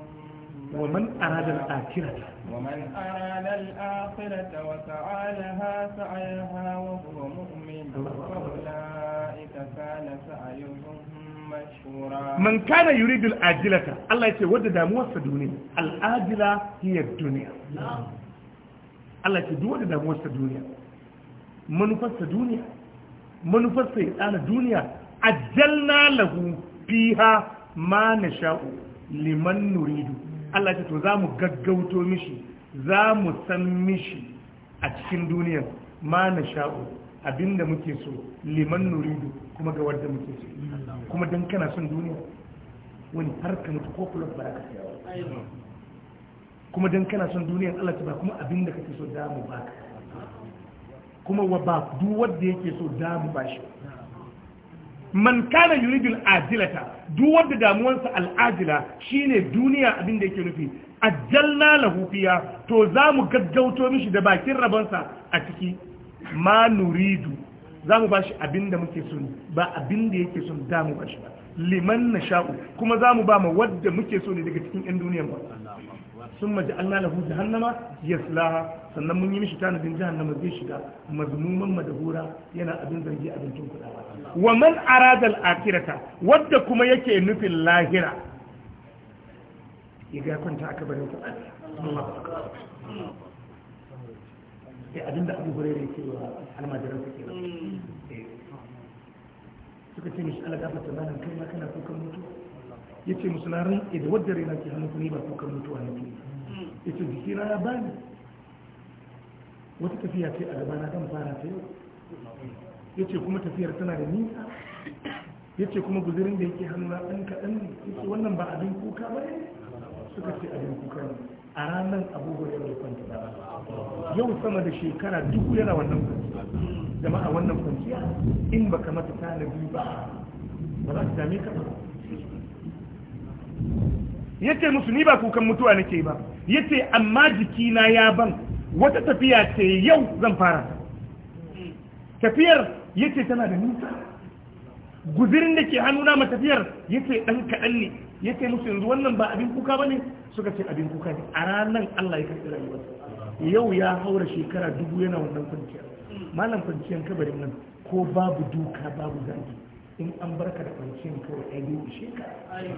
ومن أراد الآخرة ومن أراد الآخرة وسعى لها سعيها وهو مؤمن فأولئك كان سعيهم man kana yuridul ajilata Allah yace wadda damuwarsa duniya al'ajila hiya duniya Allah yace duk wadda damuwarsa duniya manufarsa duniya manufarsa ya duniya ajalna lahu fiha ma nasha'u liman nuridu Allah yace to zamu gaggauto mishi zamu san mishi a cikin duniyar ma nasha'u abinda muke so liman nuridu kuma ga wadda muke so kuma don kana son duniya wani har ka mutu ko kulot ba ka sayawa kuma don kana son duniya Allah ta ba kuma abinda kake so da mu ka. kuma wa ba duk wanda yake so da mu bashi man kana yuridu al-ajilata duk wanda al-ajila shine duniya abin da yake nufi ajjalna lahu fiya to zamu gaggauto mishi da bakin rabansa a ciki ma nuridu za mu bashi abin da muke so ba abin da yake so da mu bashi ba liman na kuma za mu ba ma wadda muke so ne daga cikin 'yan duniya ba sun maji allah lahu jahannama ya sannan mun yi mishi tanadin jahannama zai shiga mazmuman madahura yana abin zargi abincin kuɗa wa man aradal akirata wadda kuma yake nufin lahira ya ga kwanta aka bari Allah. sai abinda abu hurairu ya ce wa almajiran su kenan eh. suka ce mishi ala gafarta malam kai ma kana kukan mutuwa ya ce musu na ran idan wadda raina ke hannun ku ne ba kukan mutuwa ne ya ce jiki na ya bani wata tafiya ce a gabana kan fara ta yau ya ce kuma tafiyar tana da nisa ya ce kuma guzirin da yake hannu na ɗan kaɗan ne ya ce wannan ba abin kuka ba ne suka ce abin kuka ne a ranar abubuwan hurairar ya kwanta da yau sama da shekara duk yana wannan kwanciya jama'a wannan kwanciya in ba ka mata tanadi ba ba za su dame ka ba yace musu ni ba kukan mutuwa nake ba yace amma jikina ya ban wata tafiya ce yau zan fara tafiyar yace tana da nisa guzirin da ke hannuna ma tafiyar yace dan kaɗan ne ya kai musu yanzu wannan ba abin kuka ba ne suka ce abin kuka ne a ranar Allah ya karɓi rayuwar yau ya haura shekara dubu yana wannan kwanciya malam kwanciyar kabarin nan ko babu duka babu zagi in an barka da kwanciyar kawai ai ne shekara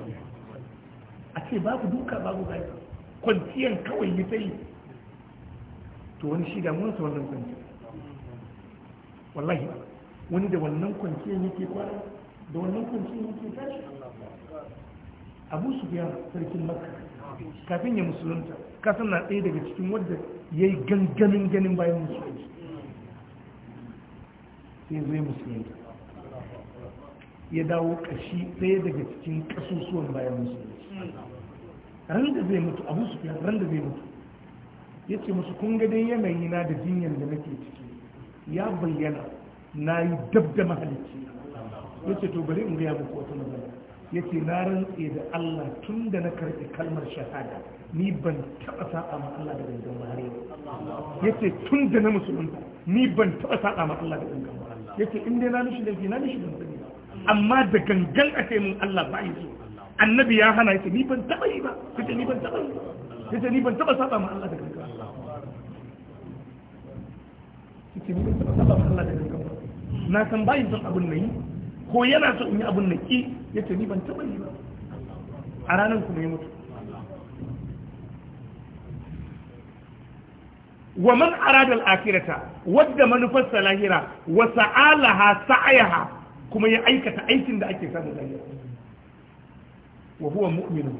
a ce babu duka babu zagi kwanciyar kawai ya tsaye to wani shi damuwar su wannan kwanciyar wallahi wani da wannan kwanciyar yake kwana da wannan kwanciyar yake tashi abu su biya sarkin makka kafin ya musulunta kasan na ɗaya daga cikin wadda ya yi ganganin ganin bayan musulunci sai zai musulunta ya dawo ƙashi ɗaya daga cikin ƙasusuwan bayan musulunci ran da zai mutu abu su biya ran da zai mutu ya ce musu kun gadon yanayi na da jinyar da nake ciki ya bayyana na yi dab da mahalicci ya ce to bari in gaya muku wata magana yace na rantse da Allah tun da na karɓi kalmar shahada ni ban taɓa saƙa ma Allah da gangan ya ce tun da na musulunta ni ban taɓa saƙa ma Allah da gangan ya ce in dai na mishi laifi na nishi da sani amma da gangan a mun Allah ba yi so annabi ya hana ce ni ban taɓa yi ba yace ni ban taɓa yi ba yace ni ban taɓa saƙa ma Allah da gangan yace ni ban taɓa ma Allah da gangan na san bayin son abin na yi ko yana so in yi abin naƙi, ya ce ni ban taɓa yi ba a ranar kuma ya mutu wa man arada al-akhirata wadda manufarsa lahira wa sa'alaha sa'ayaha kuma ya aikata aikin da ake samu lahira wa huwa mu'minu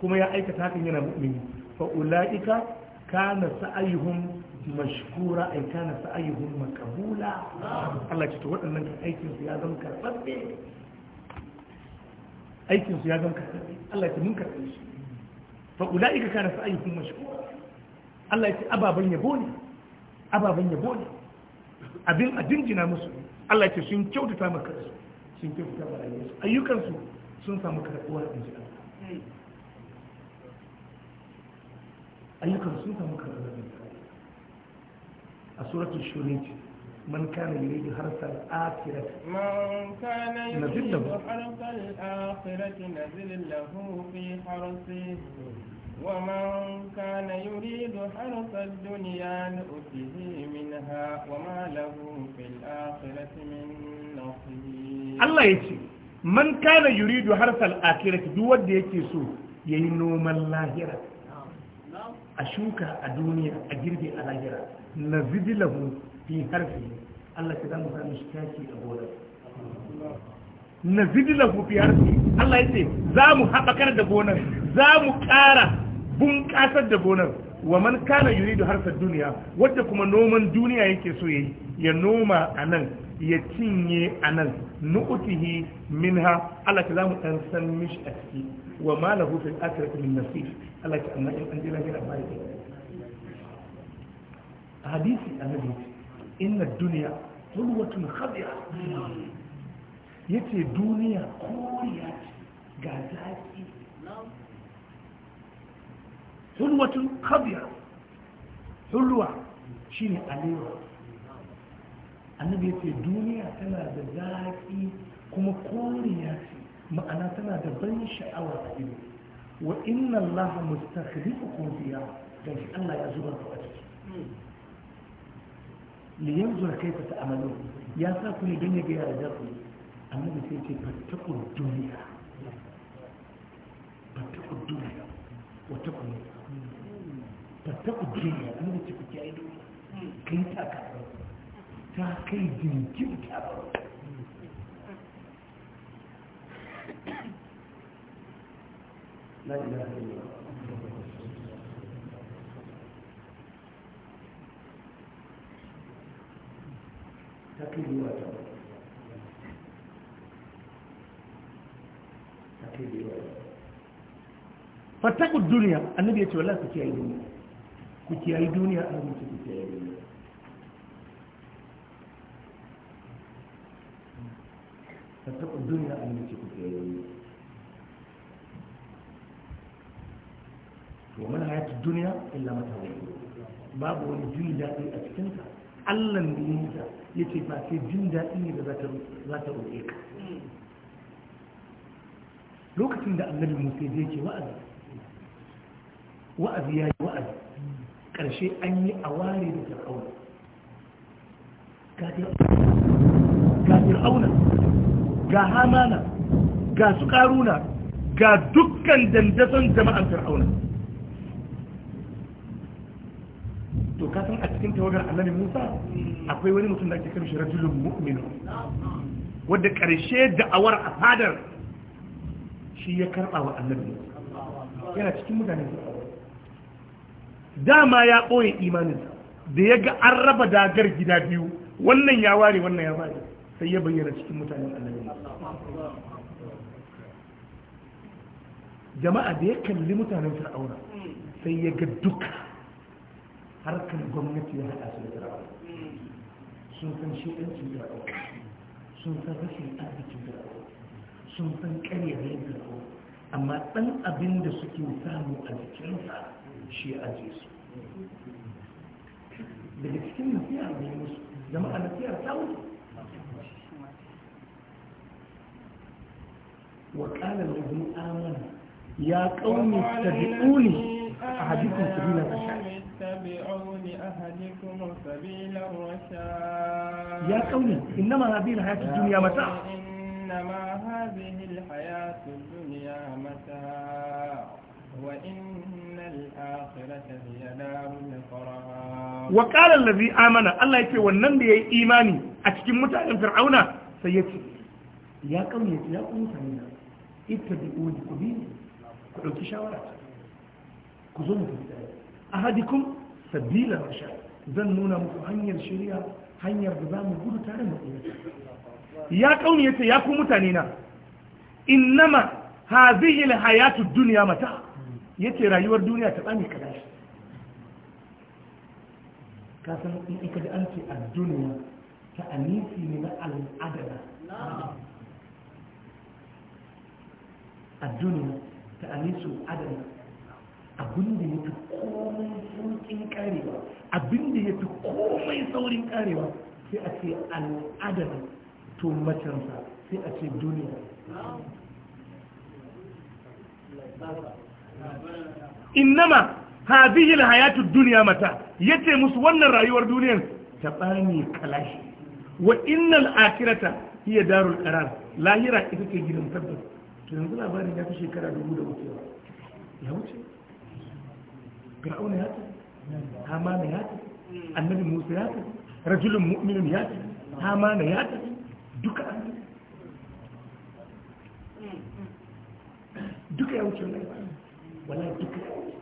kuma ya aikata hakan yana mu'mini fa ulaika kana sa'ayuhum mashkura ai kana sa'ayuhum maqbula Allah ya to waɗannan aikin su ya zama karɓaɓɓe aikin su ya zama karɓaɓɓe Allah ya mun karɓe shi fa ulaika kana sa'ayuhum mashkura Allah ya ce ababan yabo ne ababan yabo ne abin a jinjina musu Allah ya ce sun kyautata maka su sun kyautata maka su ayyukan su sun samu karɓuwa a jinjina ayyukan sun samu karɓuwa سورة الشريج من كان يريد حرث الآخرة من كان يريد حرث الآخرة نزل له في حرثه ومن كان يريد حرث الدنيا نؤته منها وما له في الآخرة من نصيب الله يتي من كان يريد حرث الآخرة دول ديكي سوء ينوم اللاهرة a shuka a duniya a girbe na zidi lahu fi harfi Allah ka zamu sami shi taki a gonar na zidi lahu fi harfi Allah ya ce za mu haɓakar da gonar za mu ƙara bunƙasar da gonar wa man kana da harfar duniya wadda kuma noman duniya yake so yayi ya noma a nan ya cinye a nan nu'utihi minha Allah ta zamu dan san mishi a ciki wa ma lahu fil akhirati min nasib Allah ta amma in an jira gida bai a hadisi annabi inna duniya hulwatun ya ce duniya koriya ce ga zaki hulwatun khadira hulwa shine alewa annabi ce duniya tana da zaki kuma koriya ce ma'ana tana da ban sha'awa a ido wa inna allaha mustakhlifukum fiha gashi Allah ya zuba ku a ciki liyanzura kai ta amalu ya sa ku ne don ya gaya da ku annabi sai ce fattaku duniya fattaku duniya wata ku ne fattaku duniya annabi ce kai ta ka ta kai ta ba لا إله إلا الله ta tuduwa ta ta tuduwa fattaku duniya annabi ya ce wallahi ku kiyaye duniya ku kiyaye duniya annabi ce ku kiyaye duniya fattaku duniya annabi ce ku kiyaye duniya to mana hayatu duniya illa mata babu wani jin daɗi a cikinta Allah da ya yi ya ce ba sai jin daɗi ne za ta roƙe ka lokacin da annabi musa ya ce wa'azi wa'azi ya yi wa'azi ƙarshe an yi a ware da fir'auna ga fir'auna ga hamana ga su ƙaruna ga dukkan dandason jama'an fir'auna to kasan a cikin tawagar annabi musa akwai wani mutum da ake kamshi rajulun mu'minu wadda ƙarshe da'awar a fadar shi ya karɓa wa annabi yana cikin mutane dama ya ɓoye imanin da ya ga an raba dagar gida biyu wannan ya ware wannan ya ware sai ya bayyana cikin mutanen annabi jama'a da ya kalli mutanen fir'auna sai ya ga duka harkar gwamnati ya haɗa su da fir'aun sun san shi'ancin fir'aun sun san rashin arzikin fir'aun sun san ƙaryarayin fir'aun amma ɗan abin da suke samu a jikinsa shi a su daga cikin nasiyar da musu zama a nasiyar samu wa ƙalar da zai amana ya ƙaunin tabi'uni أحدكم سبيل الرشاد سبيل الرشاد يا قومي إنما هذه الحياة الدنيا متاع إنما هذه الحياة الدنيا متاع وإن الآخرة هي دار القرار وقال الذي آمن الله يتي ونن إيماني أتكي متاع فرعون سيتي يا قومي يا قومي اتبعوني قبيل كعوكي شاورات ku zo mu tafi tare ahadikum sabila rasha zan nuna muku hanyar shari'a hanyar da za mu gudu tare mu tsira ya kauni yace ya ku mutane na innama hadhihi alhayatu dunya mata yace rayuwar duniya ta tsani kada shi ka san in ka da an a duniya ta anisi ne na al-adala ad ta anisu adala abinda ya fi komai karewa abinda ya fi komai saurin karewa sai a ce al'adar to sai a ce duniya innama hadhihi hayatu duniya mata yace musu wannan rayuwar duniyar ta bani kalashi wa innal akhirata hiya darul qarar lahira ita ce gidan tabbas to yanzu labarin ya fi shekara dubu da wucewa ya wuce fir'auna ya tafi hamana ya tafi annabi musa ya tafi rajulun mu'minin ya tafi hamana ya tafi duka an tafi duka ya wuce wani wala duka ya wuce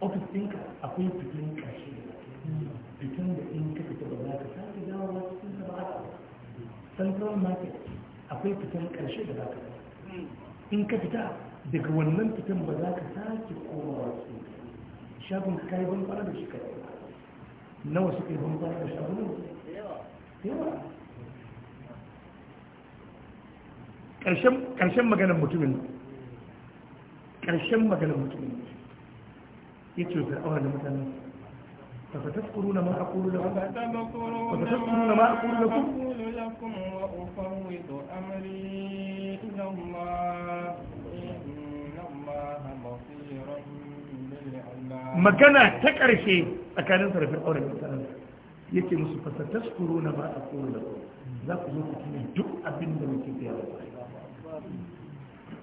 ofis ɗinka akwai fitin kashi fitin da in ka fita ba za ka sake dawo ba cikin da ba ka central market akwai fitin ƙarshe da za ka in ka fita daga wannan fitan ba za ka sake komawa su shagon ka yi banfara da shi kai nawa suka yi banfara da shagunan yawa ƙarshen maganar mutumin ƙarshen maganar mutumin ya ce fir'awa da mutanen فستذكرون ما أقول لكم فستذكرون ما أقول لكم وأفوض أمري إلى الله magana ta ƙarshe tsakanin sa da fir'auna mutanen ya ce musu fasatas kuruna ba a kuru da za ku zo ku tuna duk abin da muke gaya wa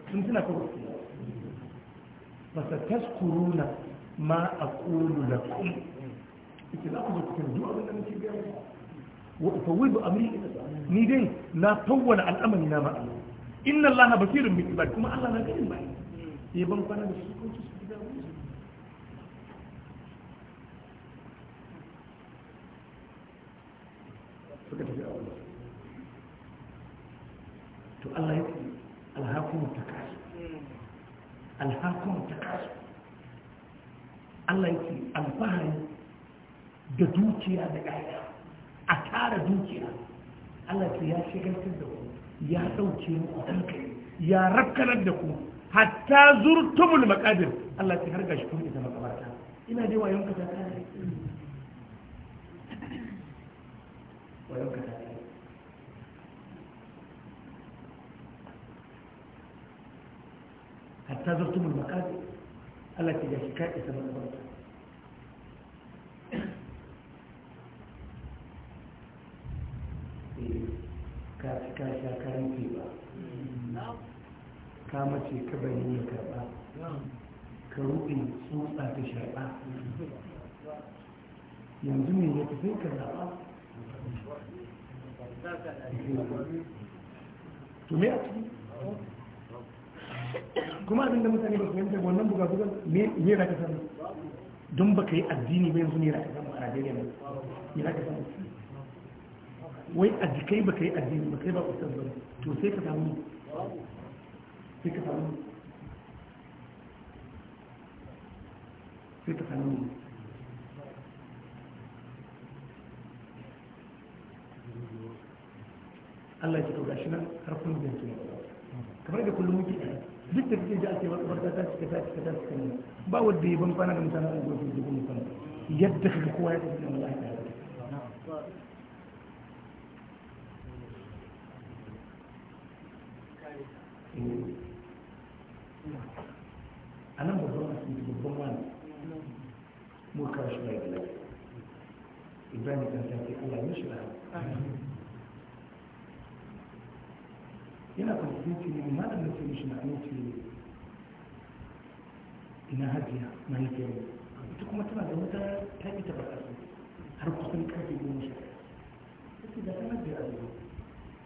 sun tuna ko fasatas kuruna ma a kuru da ku ita za ku zo ku tuna duk abin da muke gaya wa fawwidu amri ni dai na fawwana al'amari na ma'a inna allaha basirun bi ba kuma allah na ganin ya ban kwana da su ko su wani. to Allah ya ce alhakumu takasu alhakumu takasu Allah ya ce alfahari da dukiya da ƙaya a tara dukiya Allah ya ce ya shigartar da ku ya ɗauke a hankali ya rakkanar da ku hatta zurtumul maqadir Allah ya ce har gashi kuma ita makabarta ina dai wa ka ta kare wayon ka ta zartu zartumul makasi Allah ke gashi ka isa makabarta eh, ka ci ka sha karan ba ka mace ka bayi ya karba ka rufe tsotsa ta sharba yanzu ne ya tafi ka zaɓa to me a ciki kuma abinda mutane ba su yanke wannan buga buga ne ya ka samu don ba ka yi addini ba yanzu ne za ka samu a Najeriya yana ne za ka samu wai a jikai ba ka yi addini ba kai ba ustaz ba to sai ka samu sai ka samu sai ka samu Allah ya ci to gashi nan har kun bincike kamar da kullum muke ɗaya duk da kike ji ake wata ta cika ta cika ta cika ne ba wanda ya ban fana da mutane a gobe da gobe fana yadda kaga kowa ya tafi da wallahi ta a nan babban asibiti babban wani mu kawo shi mai da lafiya ibrahim kan tafi allah ya shi rahama هنا تحديد في لماذا التي مش معنوه في نهجها ما هي كيرو تقوم تبع دوتا كيف تبع أسوك هرب قصة لك في دون شكل بس إذا تمت بي أدوه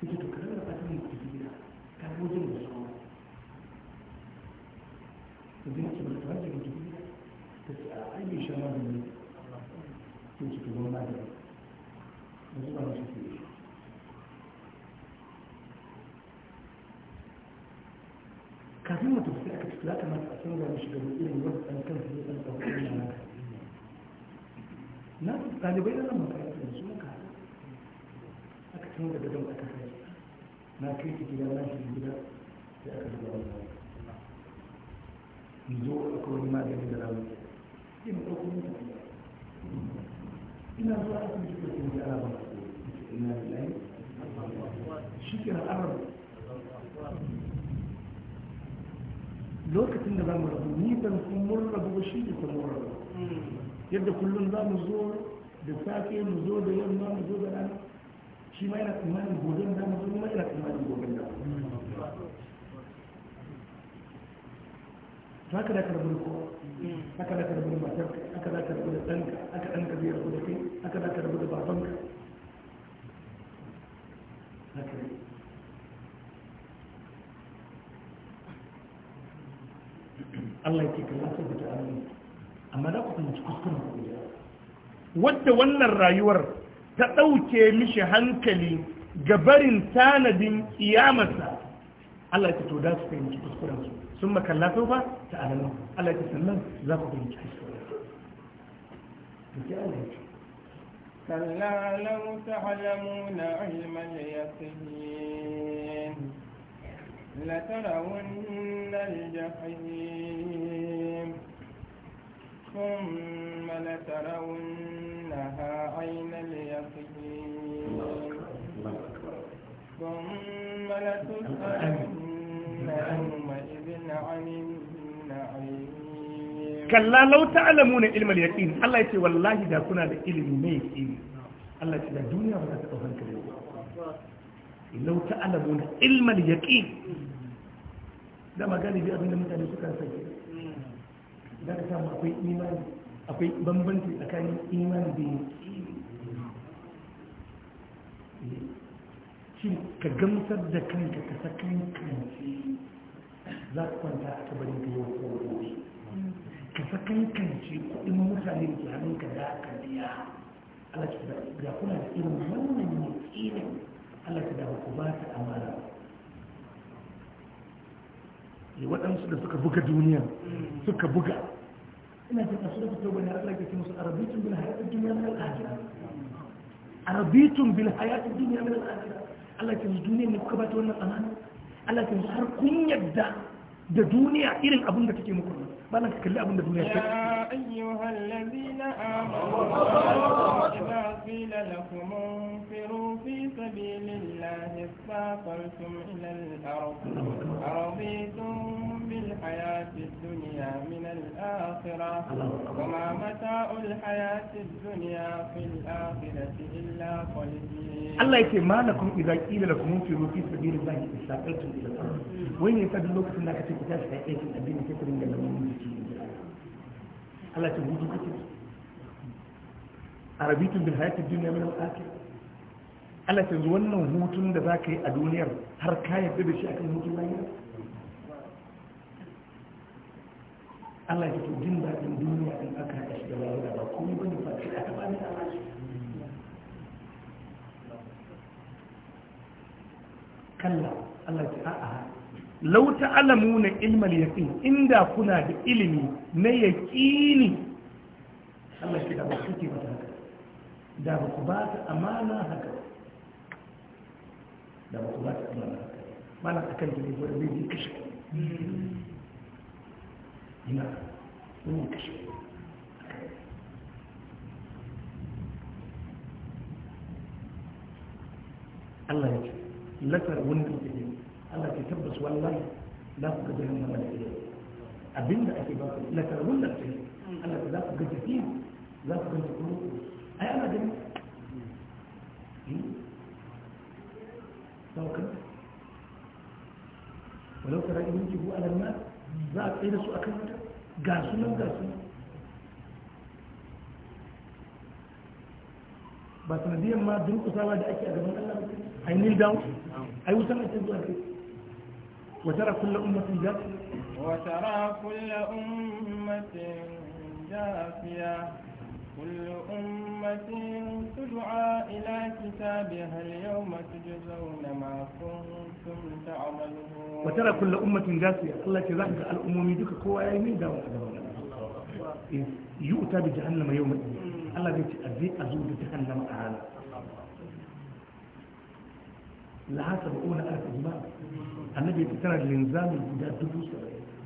كنت تكرر لفاتي من كتبيرا كان وزن بسرعة ودينا سبب التوجه من كتبيرا تسأل أي شمال من كنت تقول ما دلوقتي ya kamata a canza mishi gaba irin yau ɗan kan su ɗan ɗaukar shi na ɗalibai na nan makarantar da su aka canza gadon aka na kai ta gida na shi gida sai aka zuba wani in zo akwai wani magani da rawu sai mu ɗauko mutu ina zuwa asibiti ko kuma da ana ba ina da shi ke na araba لوكت النظام الرئيسي تنفمر بوشي تنفمر يبدأ كل نظام الزور بساكي مزور بيوم نظام الزور بلان شي ما يلك ما يبودين دام الزور ما يلك ما يبودين دام فاكرا كربون كو اكرا كربون ما تبك اكرا كربون تنك اكرا انك بيرا بودكي اكرا كربون بابنك فاكرا Allah yake kalla sai ta amin amma da ku fahimci kuskuren ku da wadda wannan rayuwar ta ɗauke mishi hankali ga barin tanadin iyamarsa Allah yake to da su fahimci kuskuren su sun makalla sau ba ta alamu Allah yake sannan za ku fahimci kuskuren su كلا لو تعلمون علم اليقين لترون الجحيم ثم لترونها عين اليقين ثم لتسألن يومئذ عن النعيم كلا لو تعلمون علم اليقين الله يقول والله إذا كنا لإلم ما الله يقول الدنيا ولا تتوهن كريم lau ta'lamuna ilmal yaqin da magana bi abinda mutane suka sake da ka samu akwai imani akwai bambanci tsakanin imani da yaƙi. shi ka gamsar da kanka ka sakan kanci za ka kwanta a kabarin ka yau ko gobe ka sakan kanci kuɗin mutane da ke hannun ka za ka biya Allah ya kuna da irin wannan yaƙinin Allah ta dawo ku ba ta amana ya waɗansu da suka buga duniya suka buga ina jin a surat tauba ne Allah ke ce musu arabitun bil hayatid dunya min al-akhirah arabitun bil hayatid dunya min al Allah ke musu duniya ne kuka ba ta wannan amana Allah ke musu har kun yadda da duniya irin abin da take muku ba na kalli abin da duniya ta ayyuhal ladina amanu idza qila lakum سبيل الله اثاقلتم إلى الأرض أرضيتم بالحياة الدنيا من الآخرة وما متاع الحياة الدنيا في الآخرة إلا قليل الله يكي ما لكم إذا قيل لكم انفروا في سبيل الله اثاقلتم إلى الأرض وين يفضل لك أنك تكتاش حياتي الدين كثير من المؤمنين Allah ta hudu kake arabitin bil hayati dunya min al-akhirah Ala ta yanzu wannan hutun da za ka yi a duniyar har ka da shi a kan hutun lahira Allah ya to jin daɗin duniya in aka haɗa shi da lahira ba komai ba ne fashe a gaba ne kalla Allah ya ce Lauta alamu na ilmal yaƙi inda kuna da ilimi na ne. Allah ya ce da ba kuke ba da ba ku ba ta amana haka da ba ku ba ta tsammana malam a kan jini zuwa zai yi kashe ina zai kashe Allah ya ce latar wani da ke Allah ke tabbas wallahi za ku gaji nan mana da abinda ake ba ku latar wani da ke Allah za ku gaji fiye za ku gaji kuma ai ana ganin hmm? sawakan walau tara idan a za a tsaye da su a kan wuta nan ba sanadiyar ma durkusawa da ake a gaban allah a yi وترى كل وترى كل كل أمة تدعى إلى كتابها اليوم تجزون ما كنتم تعملون وترى كل أمة جاسية الله تزحزح الأمومي دوك قوة يمين دعوة إيه، يؤتى بجهنم يوم الدين الله يتأذي أزود جهنم أعلى لها سبعون ألف أجمال النبي ترى الإنزام الجداد دبوس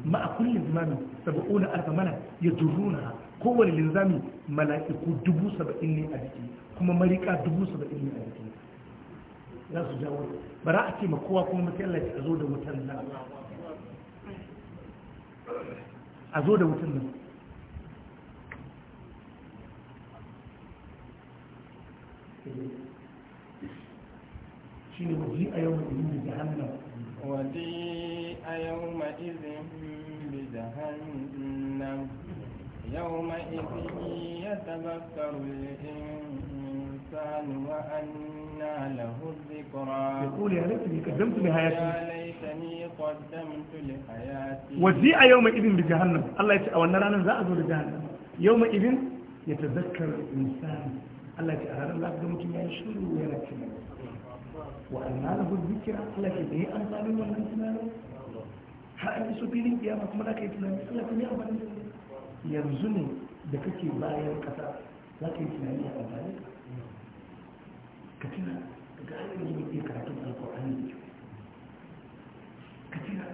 Ma a kullum zimamin saba'una alfa mana ya duruna kowane linzami mala'iku dubu saba'in ne a jiki kuma marika dubu saba'in ne a jiki za su jawo ba za a ce ma kowa kuma mafi Allah a zo da wutan nan a zo da wutan nan shi ne a yau da jihannam وجيء يومئذ بجهنم يومئذ يتذكر الإنسان وأنى له الذكرى يقول يا ليتني قدمت لحياتي يا ليتني قدمت لحياتي وجيء يومئذ بجهنم الله يتعى ونرانا زعزو لجهنم يومئذ يتذكر الإنسان Allah ce a ranar lafi da mutum ya yi shiru yana tunani wa anna lahu dhikra Allah ke bai amfani wannan tunanin har iso filin kiyama kuma da kai tunani Allah ke bai amfani yanzu ne da kake bayan kasa za ka yi tunani a amfani ka tuna ga hanyar yi mutum karatun alkur'ani da ka tuna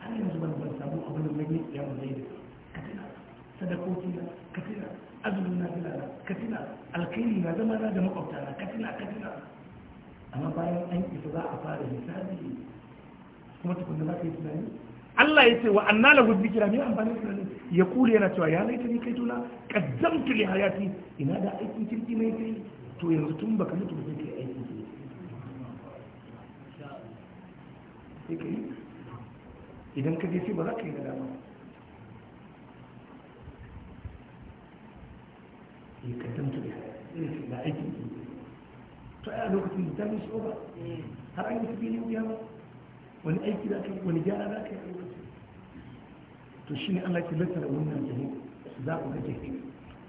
har yanzu ban ban samu abin da zai yi kiyama da ka tuna sadakoki na ka tuna azumin na zilala ka tuna alkairi na zama na da makwabta na ka tuna ka tuna amma bayan an isa za a fara hisabi kuma tukunna za ka yi tunani Allah ya ce wa anna lahu dhikra mai amfani tunani ya kula yana cewa ya laita ni kai tuna qaddamtu li hayati ina da aikin kirki mai kai to yanzu tun baka mutu ba kai aikin kirki kai idan ka je ba za ka yi nadama ya qaddamtu li hayati ina aikin kirki to ai a lokacin da shi ba har an yi tafi wuya ba wani aiki wani gyara za ka yi a to shi ne Allah ke wannan jini za ku ga jini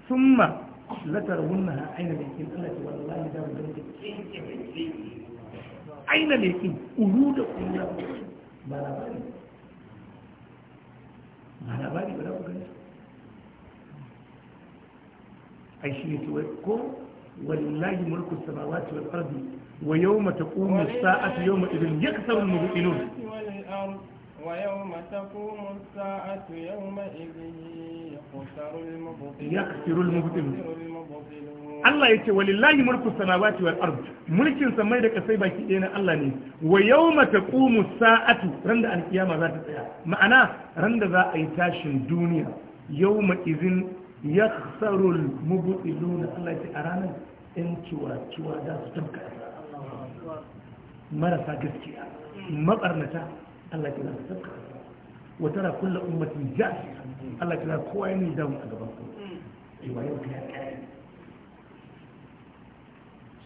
wannan ha aina Allah wallahi za ga jini aina uru da ba labari ba labari ba za ku ai shi ne ko walillahi mulku samawati wal ardi wa yawma taqumu as-sa'atu yawma ويوم تقوم الساعة يومئذ يخسر المبطلون المبطلون Allah ya ce walillahi mulku samawati wal ard mulkin samai da kasai baki ɗaya na Allah ne wa yawma taqumu sa'atu randa alkiyama za ta tsaya ma'ana randa za a yi tashin duniya yawma izin yakhsarul mubtilun Allah ya ce a ranar 'yan ciwa-ciwa za su tamka marasa gaskiya mabarnata Allah ke za su tamka wata na kulla ummatin jasi Allah ke za kowa ya mai damu a gaban ku cewa yau ka ya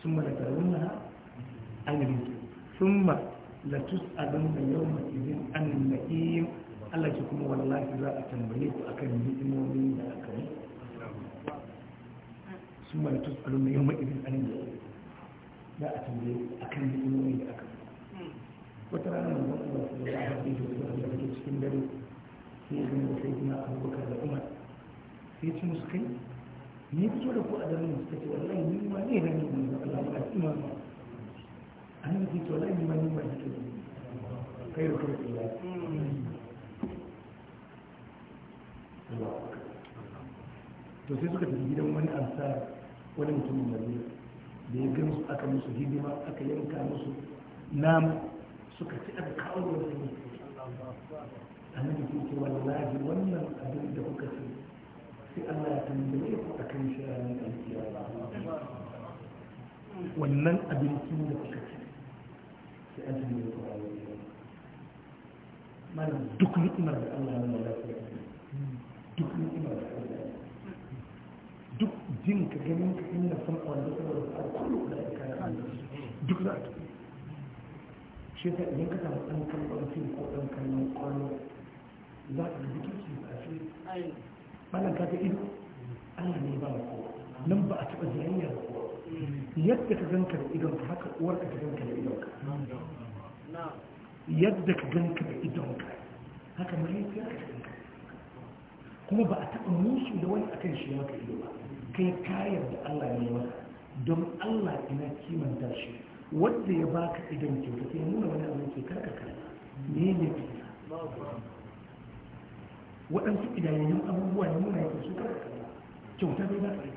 sun mara taron na ainihin sun ma latus abin da yau matizin an na'im Allah ke kuma wallahi za a tambaye ku akan ni'imomin da aka yi sun mana tusbalin mai yamma irin anin da za a tambaye a kan ni'imomi da aka wata rana da zan Allah su da aka ɗin da wanda ake cikin dare sai ya gani da sai kuma abubakar da umar sai ya ci kai ni fito da ku a daren suka yin ma ma sai suka tafi gidan wani ansar wani mutumin madina da ya gamsu aka musu hidima aka yanka musu nama suka ci aka kawo wani sanyi annabi ke ce wallahi wannan abin da kuka ce sai Allah ya tambaye ku a kan shi ranar alkiyama wannan abincin da kuka ci sai an tambaye ku a yau malam duk ni'imar da Allah ya nuna lafiya jin ka ganin ka inda san wanda saboda a kullu da ka yi duk za ta shi ta idan ka samu ɗan kallon fim ko ɗan kallon kwallo za ka duk su a fi malam ka ga ido Allah ne ba ko nan ba a taɓa jayayya ba ko yadda ka ganka da idon ka haka uwar ka ganka da idon ka yadda ka ganka da idon ka haka mahaifiyar ka ganka kuma ba a taɓa musu da wani akan shi ya ka ido ba kai kayar da Allah ne maka don Allah ina kimanta shi wanda ya baka idan kyauta sai nuna wani abin ke karka karka ne ne fita waɗansu idanun abubuwa ne nuna yake su karka kyauta bai baka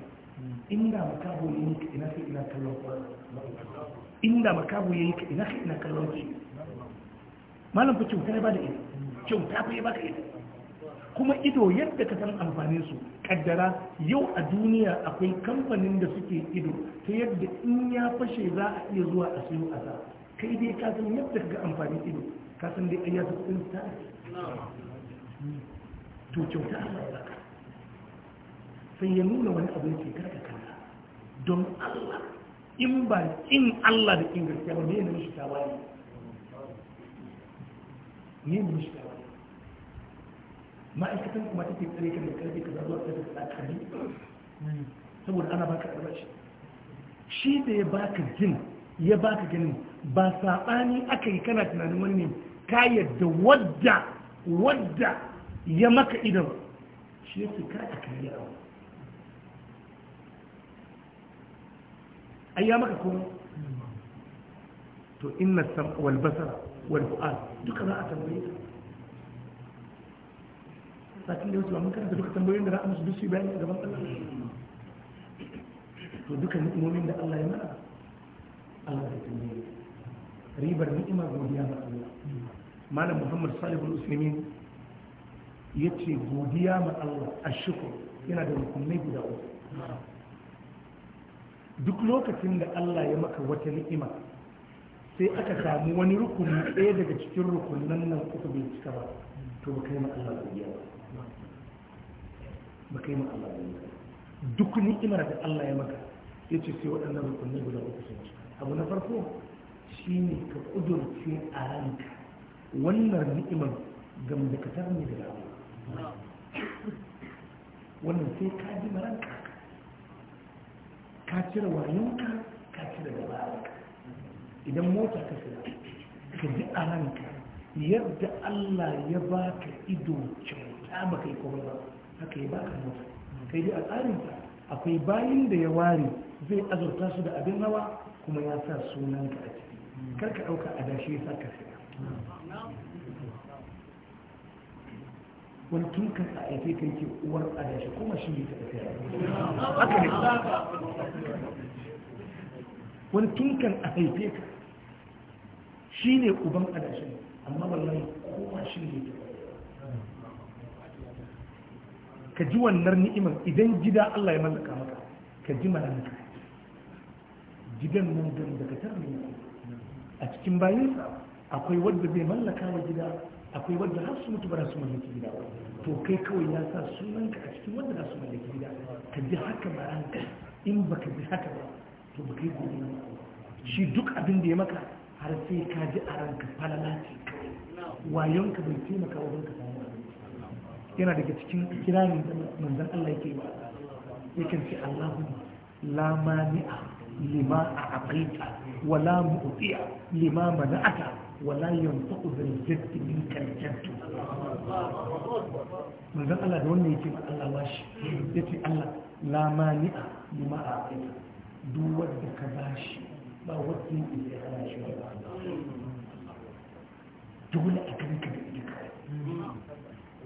inda makabo ya yi ka ina sai ina kallon inda makabo ya yi ka ina sai ina kallon malam fa kyauta ya bada ita kyauta fa ya baka ita kuma ido yadda ka san amfanin su kaddara yau a duniya akwai kamfanin da suke ido ta yadda in ya fashe za a iya zuwa a sayo a kai dai ka san yadda ka ga amfanin ido ka san dai ayyata sun ta to kyauta a ya ka. sai ya nuna wani abu yake karka kalla don Allah in ba in Allah da in gaskiya ba ne ne mishi tawaye ne ne ta tawaye ma'aikatan kuma take tsare kan da karfe kaza zuwa karfe kaza kare saboda ana baka da albashi shi da ya baka jin ya baka ganin ba sabani aka yi kana tunanin wani ne ka yadda wadda wadda ya maka idan shi yake ka a kariya a ai ya maka komai to inna sam wal basara wal fu'ad duka za a tambaye ka sakin da wucewa mun karanta duka tambayoyin da za a musu duk su bayani a gaban Allah to duka ni'imomin da Allah ya mana Allah ya tambaye ribar ni'ima godiya ma Allah malam Muhammad Salihul Usaimin yace godiya ma Allah ashkur yana da rukunai guda uku duk lokacin da Allah ya maka wata ni'ima sai aka samu wani rukuni ɗaya daga cikin rukunan nan uku bai cika ba to ba kai ma Allah godiya ba ba kai ma Allah godiya duk ni'imar da Allah ya maka ya ce sai waɗannan rukunni guda uku sun ci abu na farko shine ka kudurce a ranka wannan ni'imar gamdakatar ne da Allah wannan sai ka ji maranka ka cire wayonka ka cire gaba idan mota ka siya ka ji a ranka yadda Allah ya baka ido kyauta ba kai kuma ba haka ya baka mota kai dai a tsarinsa akwai bayin da ya ware zai azurta su da abin hawa kuma ya sa sunanka a ciki kar ka ɗauka a dashi ya sa ka siya wani tun ka sa aike kai ke uwar a dashi kuma shi ne ta tafiya haka ne wani tun kan a haife ka shi ne uban adashin amma wallahi kowa shi ne ka ji wannan ni'imar idan gida Allah ya mallaka maka ka ji malanka gidan nan gan daga ne a cikin bayan akwai wadda zai mallaka wa gida akwai wadda har su mutu ba su mallaki gida to kai kawai ya sa sunanka a cikin wadda za su mallaki gida ka ji haka malanka in ba ka ji haka ba to ba yi gobe shi duk abin da ya maka har sai ka ji a ranka falala ce wayonka bai taimaka wajen ka samu yana daga cikin kiranin da manzan Allah yake yi yakan ce Allah la mani'a lima a a'taita wa la mu'ti'a lima mana'ata wa la yanfa'u dhal jaddi minka al-jadd manzon Allah da wannan yake Allah washi yace Allah la mani'a lima a'taita duk wanda ka bashi ba wanda yake hana shi ba dole a ganka da ido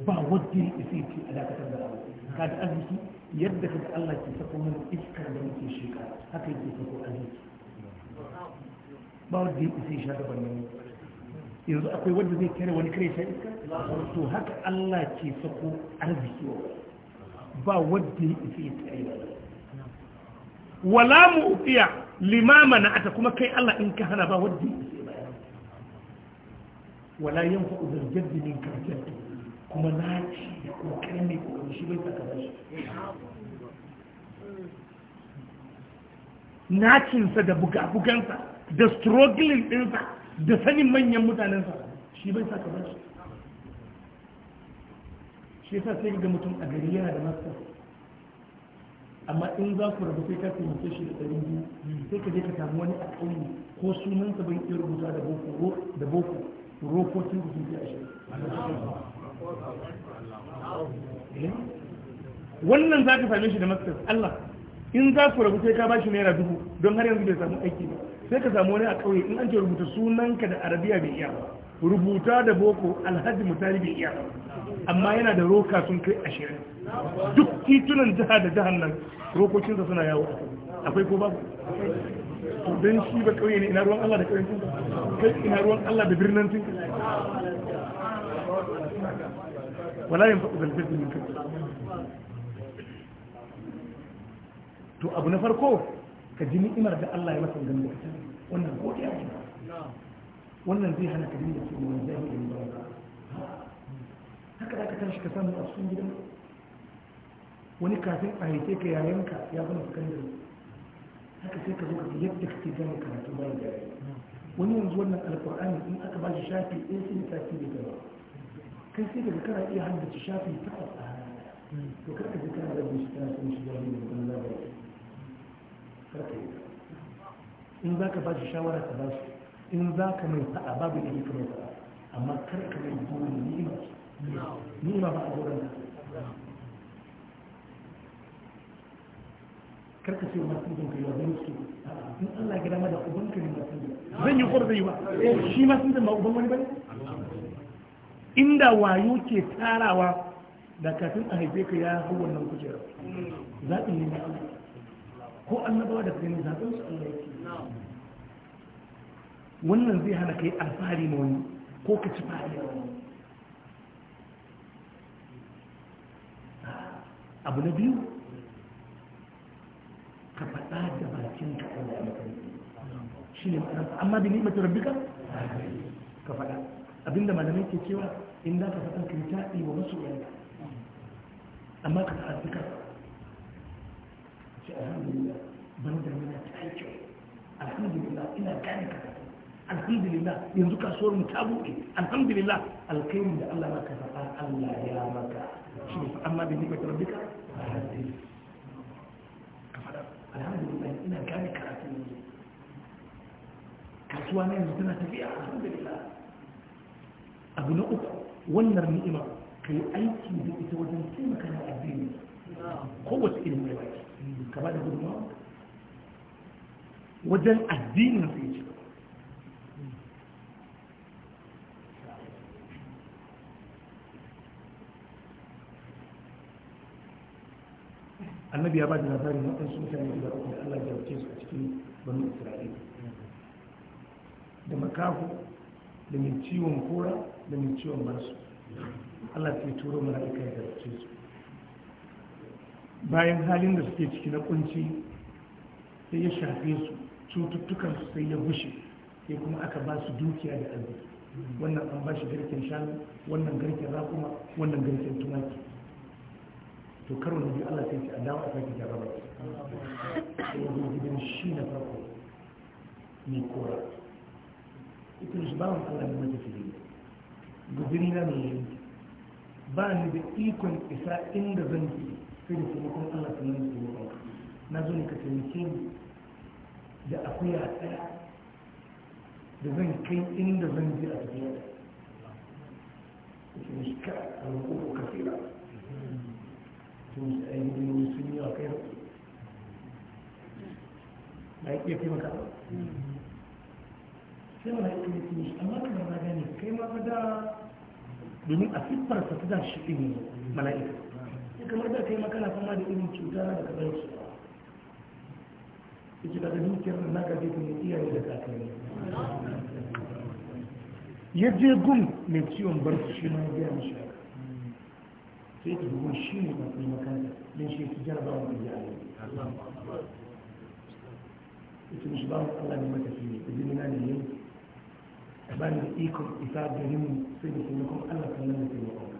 ba wadda ya isa ce a dakatar da abu ka da arziki yadda ka da Allah ke sako mana iskar da muke sheka haka yake sako arziki ba wadda ya isa sha gaban nan yanzu akwai wanda zai kare wani kare sha iska to haka Allah ke sako arziki wa ba wadda ya isa ya kare ba wala mu ufiya limama na ata kuma kai Allah in ka hana ba wadda ya isa wala yin fa'udar jaddi min karfiyar kuma na ci da kokarin ne ko shi bai saka bashi sa da buga-bugansa da struggling sa da sanin manyan mutanensa shi bai saka bashi shi yasa sai ga mutum a gari yana da masta amma in za ku rabu sai ka taimake shi da ɗari biyu sai ka je ka samu wani a ƙauye ko sunansa ban iya rubuta da boko da boko rokokin sun fi ashirin wannan za ka same shi da masters Allah in za ku rabu sai ka ba shi naira dubu don har yanzu bai samu aiki ba sai ka samu wani a ƙauye in an ce rubuta sunanka da arabiya bai iya ba rubuta da boko alhaji mutari bai iya amma yana da roka sun kai ashirin duk titunan jiha da jihar nan rokokinsa suna yawo akwai ko babu don shi ba kauye ne ina ruwan allah da kauyen kinsa kai ina ruwan Allah da birnin tun wala yin faɗi zalfafi min kai to abu na farko ka ji ni'imar da Allah ya masa ganin lokacin wannan godiya ne wannan zai hana ka dinga cikin wani zai yi ba haka za ka tashi ka samu a cikin gidan wani kafin a haife ka yayanka ya zama sakandare haka sai ka zo ka yadda kake gane karatu bayan da wani yanzu wannan alkur'ani in aka bashi shafi ɗaya sai sati da gaba kai sai daga kana iya haddace shafi takwas a hannu to karka ji kana da shi kana son shi jami'in da kuma zaɓa karka yi in za ka bashi shi shawara ka ba in za ka mai fa'a babu da ka mai fa'a amma karka mai dole ni'ima ni'ima ba a wurin ka karka ce masu jin kai wani su in Allah ya gama da uban ka ne masu jin zan yi kurda yi ba eh, shi ma jin ba uban wani bane inda wayo ke tarawa da kafin a haife ka ya hau wannan kujera zaɓi ne na ko annabawa da kai ne zaɓin su Allah yake wannan zai hana kai alfahari ma wani ko ka ci fahari ma wani abu na biyu cikin tukun da alkhairi shi ne ma'ana amma bi ni'matu rabbika ka faɗa abinda malamai ke cewa in za ka faɗa kai ta'i wa masoyanka amma ka faɗa duka ce alhamdulillah ban da mina ta aiki kyau alhamdulillah ina gane ka alhamdulillah yanzu kasuwar mu ta buɗe alhamdulillah alkhairin da Allah maka faɗa Allah ya maka shi amma bi ni'matu rabbika alhamdulillah ina gane karatu yanzu kasuwa na yanzu tana tafiya alhamdulillah abu na uku wannan ni'ima ka yi aiki da ita wajen taimaka na addini kowace irin mai baki ka ba da gudunmawa wajen addinin sai annabi ya ba da labarin ɗansu mutane guda uku da Allah ya wuce su a cikin banu Isra'ila da makafu da mai ciwon kora da mai ciwon basu Allah ya turo mala'ika ya wuce su bayan halin da suke ciki na kunci sai ya shafe su cututtukan su sai ya bushe sai kuma aka ba su dukiya da arziki wannan an ba shi garken shanu wannan garken rakuma wannan garken tumaki to karo da biyu Allah sai ce a dawo a sake jarraba sai da zo gidan shi na farko mai kora ita shi bawan Allah ne mata fi dai gudun na mai yanki ba ni da ikon isa inda zan ji sai da taimakon Allah sannan da taimakon na zo ne ka taimake ni da akuya tsaya da zan kai inda zan ji a tafiya da ita shi ka a roƙo ko kafira sun yi ainihin yi maka sai mana yake ne tuni amma kuma na kai ma domin a siffar sa shi ɗin mala'ika sai kamar da kai fama da irin cuta da kaɗan su ita dukiyar na gaje ta mai iyaye da kakanni ya je gun mai ciwon barci shi ma ya biya mishi sai ta dubu shi ne mafi makanta don shi su jarba wa mai jari ita mishi ba mu Allah ne matafi ne da jini na ne yau ba ni da ikon isa garin mu sai da taimakon Allah kan nan da taimakon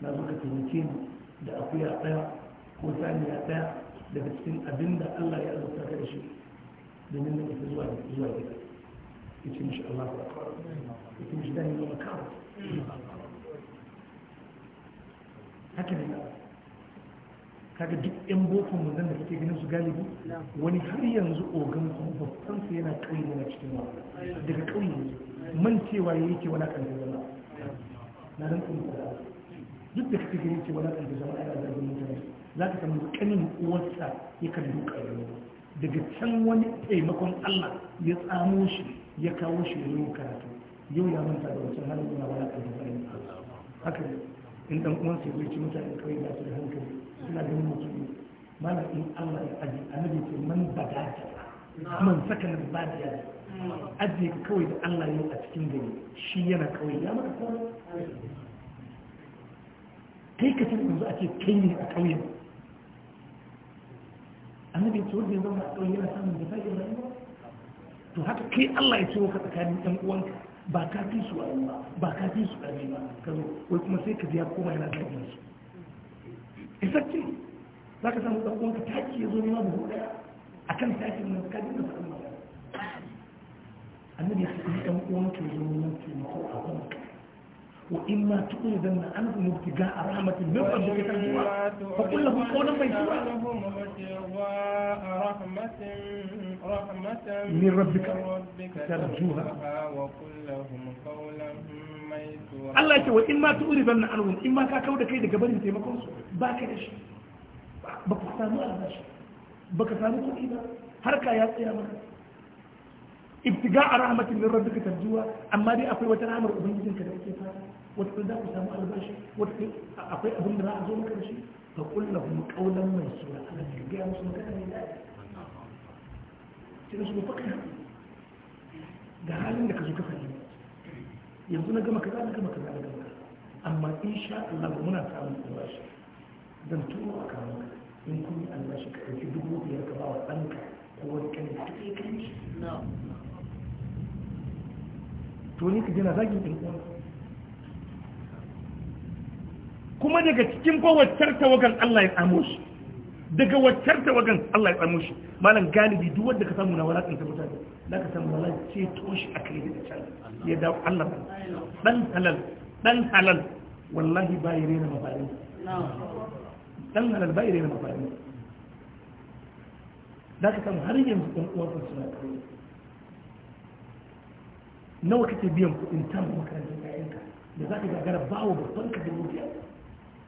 na zo ka taimake mu da akuya ɗaya ko saniya ɗaya daga cikin abin da Allah ya azurta ka da shi domin na isa zuwa zuwa gida ita mishi Allah ta ita mishi da ne makawa haka ne kaga duk yan boko nan da kake ganin su galibi wani har yanzu ogan kuma babban sa yana kauye yana cikin wa daga kauye ne man cewa yake ke wala kan zama na ran kuma duk da kake ganin cewa wala kan zama ana zargin mutane zaka samu kanin uwarsa ya kan duka ne daga can wani taimakon Allah ya tsamo shi ya kawo shi ne karatu yau ya manta da wancan halin da wala kan zama haka ne in dan uwan sai wuce mutane kawai da su da hankali suna ganin mutum mana in Allah ya aji annabi ce man ta man saka na badiya aje kawai da Allah ya a cikin gari shi yana kawai ya maka kawai kai ka san yanzu a ce kai ne a kauyen annabi ce wanda ya zama a kauyen yana samun da rayuwa? to haka kai Allah ya ce ka tsakanin ɗan uwanka ba ka fi su a ba ba ka fi su a ba ka zo wai kuma sai ka biya koma yana zagin su exactly za ka samu ɗan uwanka taki ya zo nema buhu ɗaya a kan takin na ka na faɗin ba annabi su haɗu ɗan uwanka ya zo nema taimako a ga وإما تؤذن عنه ابتغاء رحمة من ربك ترجوها Allah ya ce in ma ta uri zanna in ma ka kau kai daga barin taimakon su ba ka da shi ba samu albashi ba samu kuɗi harka ya tsaya maka ibtiga a rahmatin min rabbika tarjuwa amma dai akwai wata rahmar ubangijin ka da yake fara wata da ku samu albashi wata akwai da za zo maka da shi fa qul lahum da sai da su ba kai ga halin da ka zo ka fahimta yanzu na gama kaza na gama kaza na gama amma in sha Allah muna samun albashi zan turo a kawo in kun yi albashi ka ɗauki dubu biyar ka ba wa ɗanka ko wani kan da take kan shi to ni ka jana zagin ɗin uwan kuma daga cikin kowace tawagan Allah ya samu shi daga waccar tawagan Allah ya tsamo shi malam galibi duk wanda ka samu na wala walakanta mutane za ka samu wala ce toshi a kai da can ya dawo Allah dan halal dan halal wallahi ba yi rena mafarin dan halal ba yi rena mafarin za ka samu har yanzu ɗan uwansa suna kai nawa kake biyan kuɗin tamu makarantar ƴaƴanka da za ka gagara bawa babban ka dubu biyar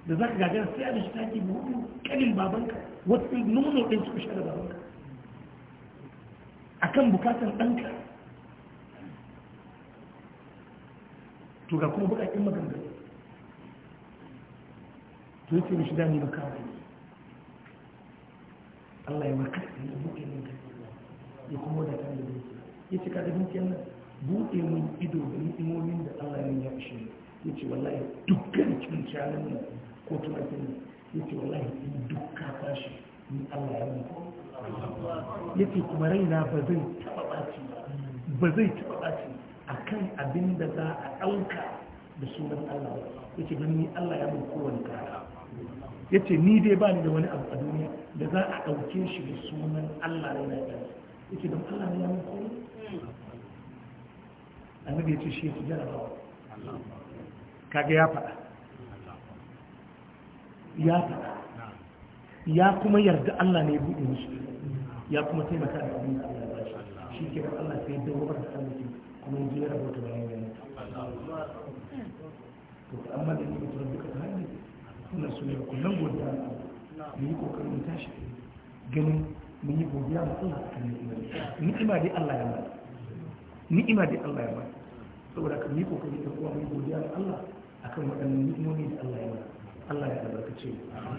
da za ka gagara sai a da shi taki buhu kanin babanka wata nuno ɗin su shi da babanka a kan bukatar ɗanka to ga kuma bukakin maganganu to yake da shi dami ba kawai Allah ya warkar da ya buɗe min ya kuma wadata da zuciya ya ce kada dukiyar kenan, buɗe min ido da imomin da Allah ya yi ya ya ce wallahi dukkan cin canan nan ko tun ake ne ya ce wallahi in duk ka tashi ni Allah ya muku ya ce kuma raina ba zai taɓa ɓaci ba zai taɓa ɓaci a kan abin da za a ɗauka da sunan Allah ya ce don ni Allah ya muku wani kara ya ce ni dai ba ni da wani abu a duniya da za a ɗauke shi da sunan Allah raina ya ya ce don Allah ya muku annabi ya ce shi ya ci jarabawa kaga ya faɗa ya faɗa ya kuma yarda Allah ne buɗe musu ya kuma taimaka da abin da Allah ya bashi shi ke Allah sai da wabar da Allah kuma yi ya bauta da yawon mutu to ka amma da ni mutu duka ta hanyar suna su ne kullum godiya mu yi kokarin mu tashi ganin mun yi godiya mu Allah a kan ni'ima ni'ima dai Allah ya bada ni'ima dai Allah ya bada saboda ka mu yi kokarin da kowa mu yi godiya da Allah akan waɗannan ni'imomi da Allah ya bada Allah ya albarkace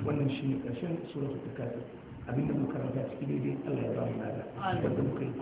wannan shi ne ƙarshen suratul takasir abinda muka karanta cikin daidai Allah ya ba mu lada wanda muka yi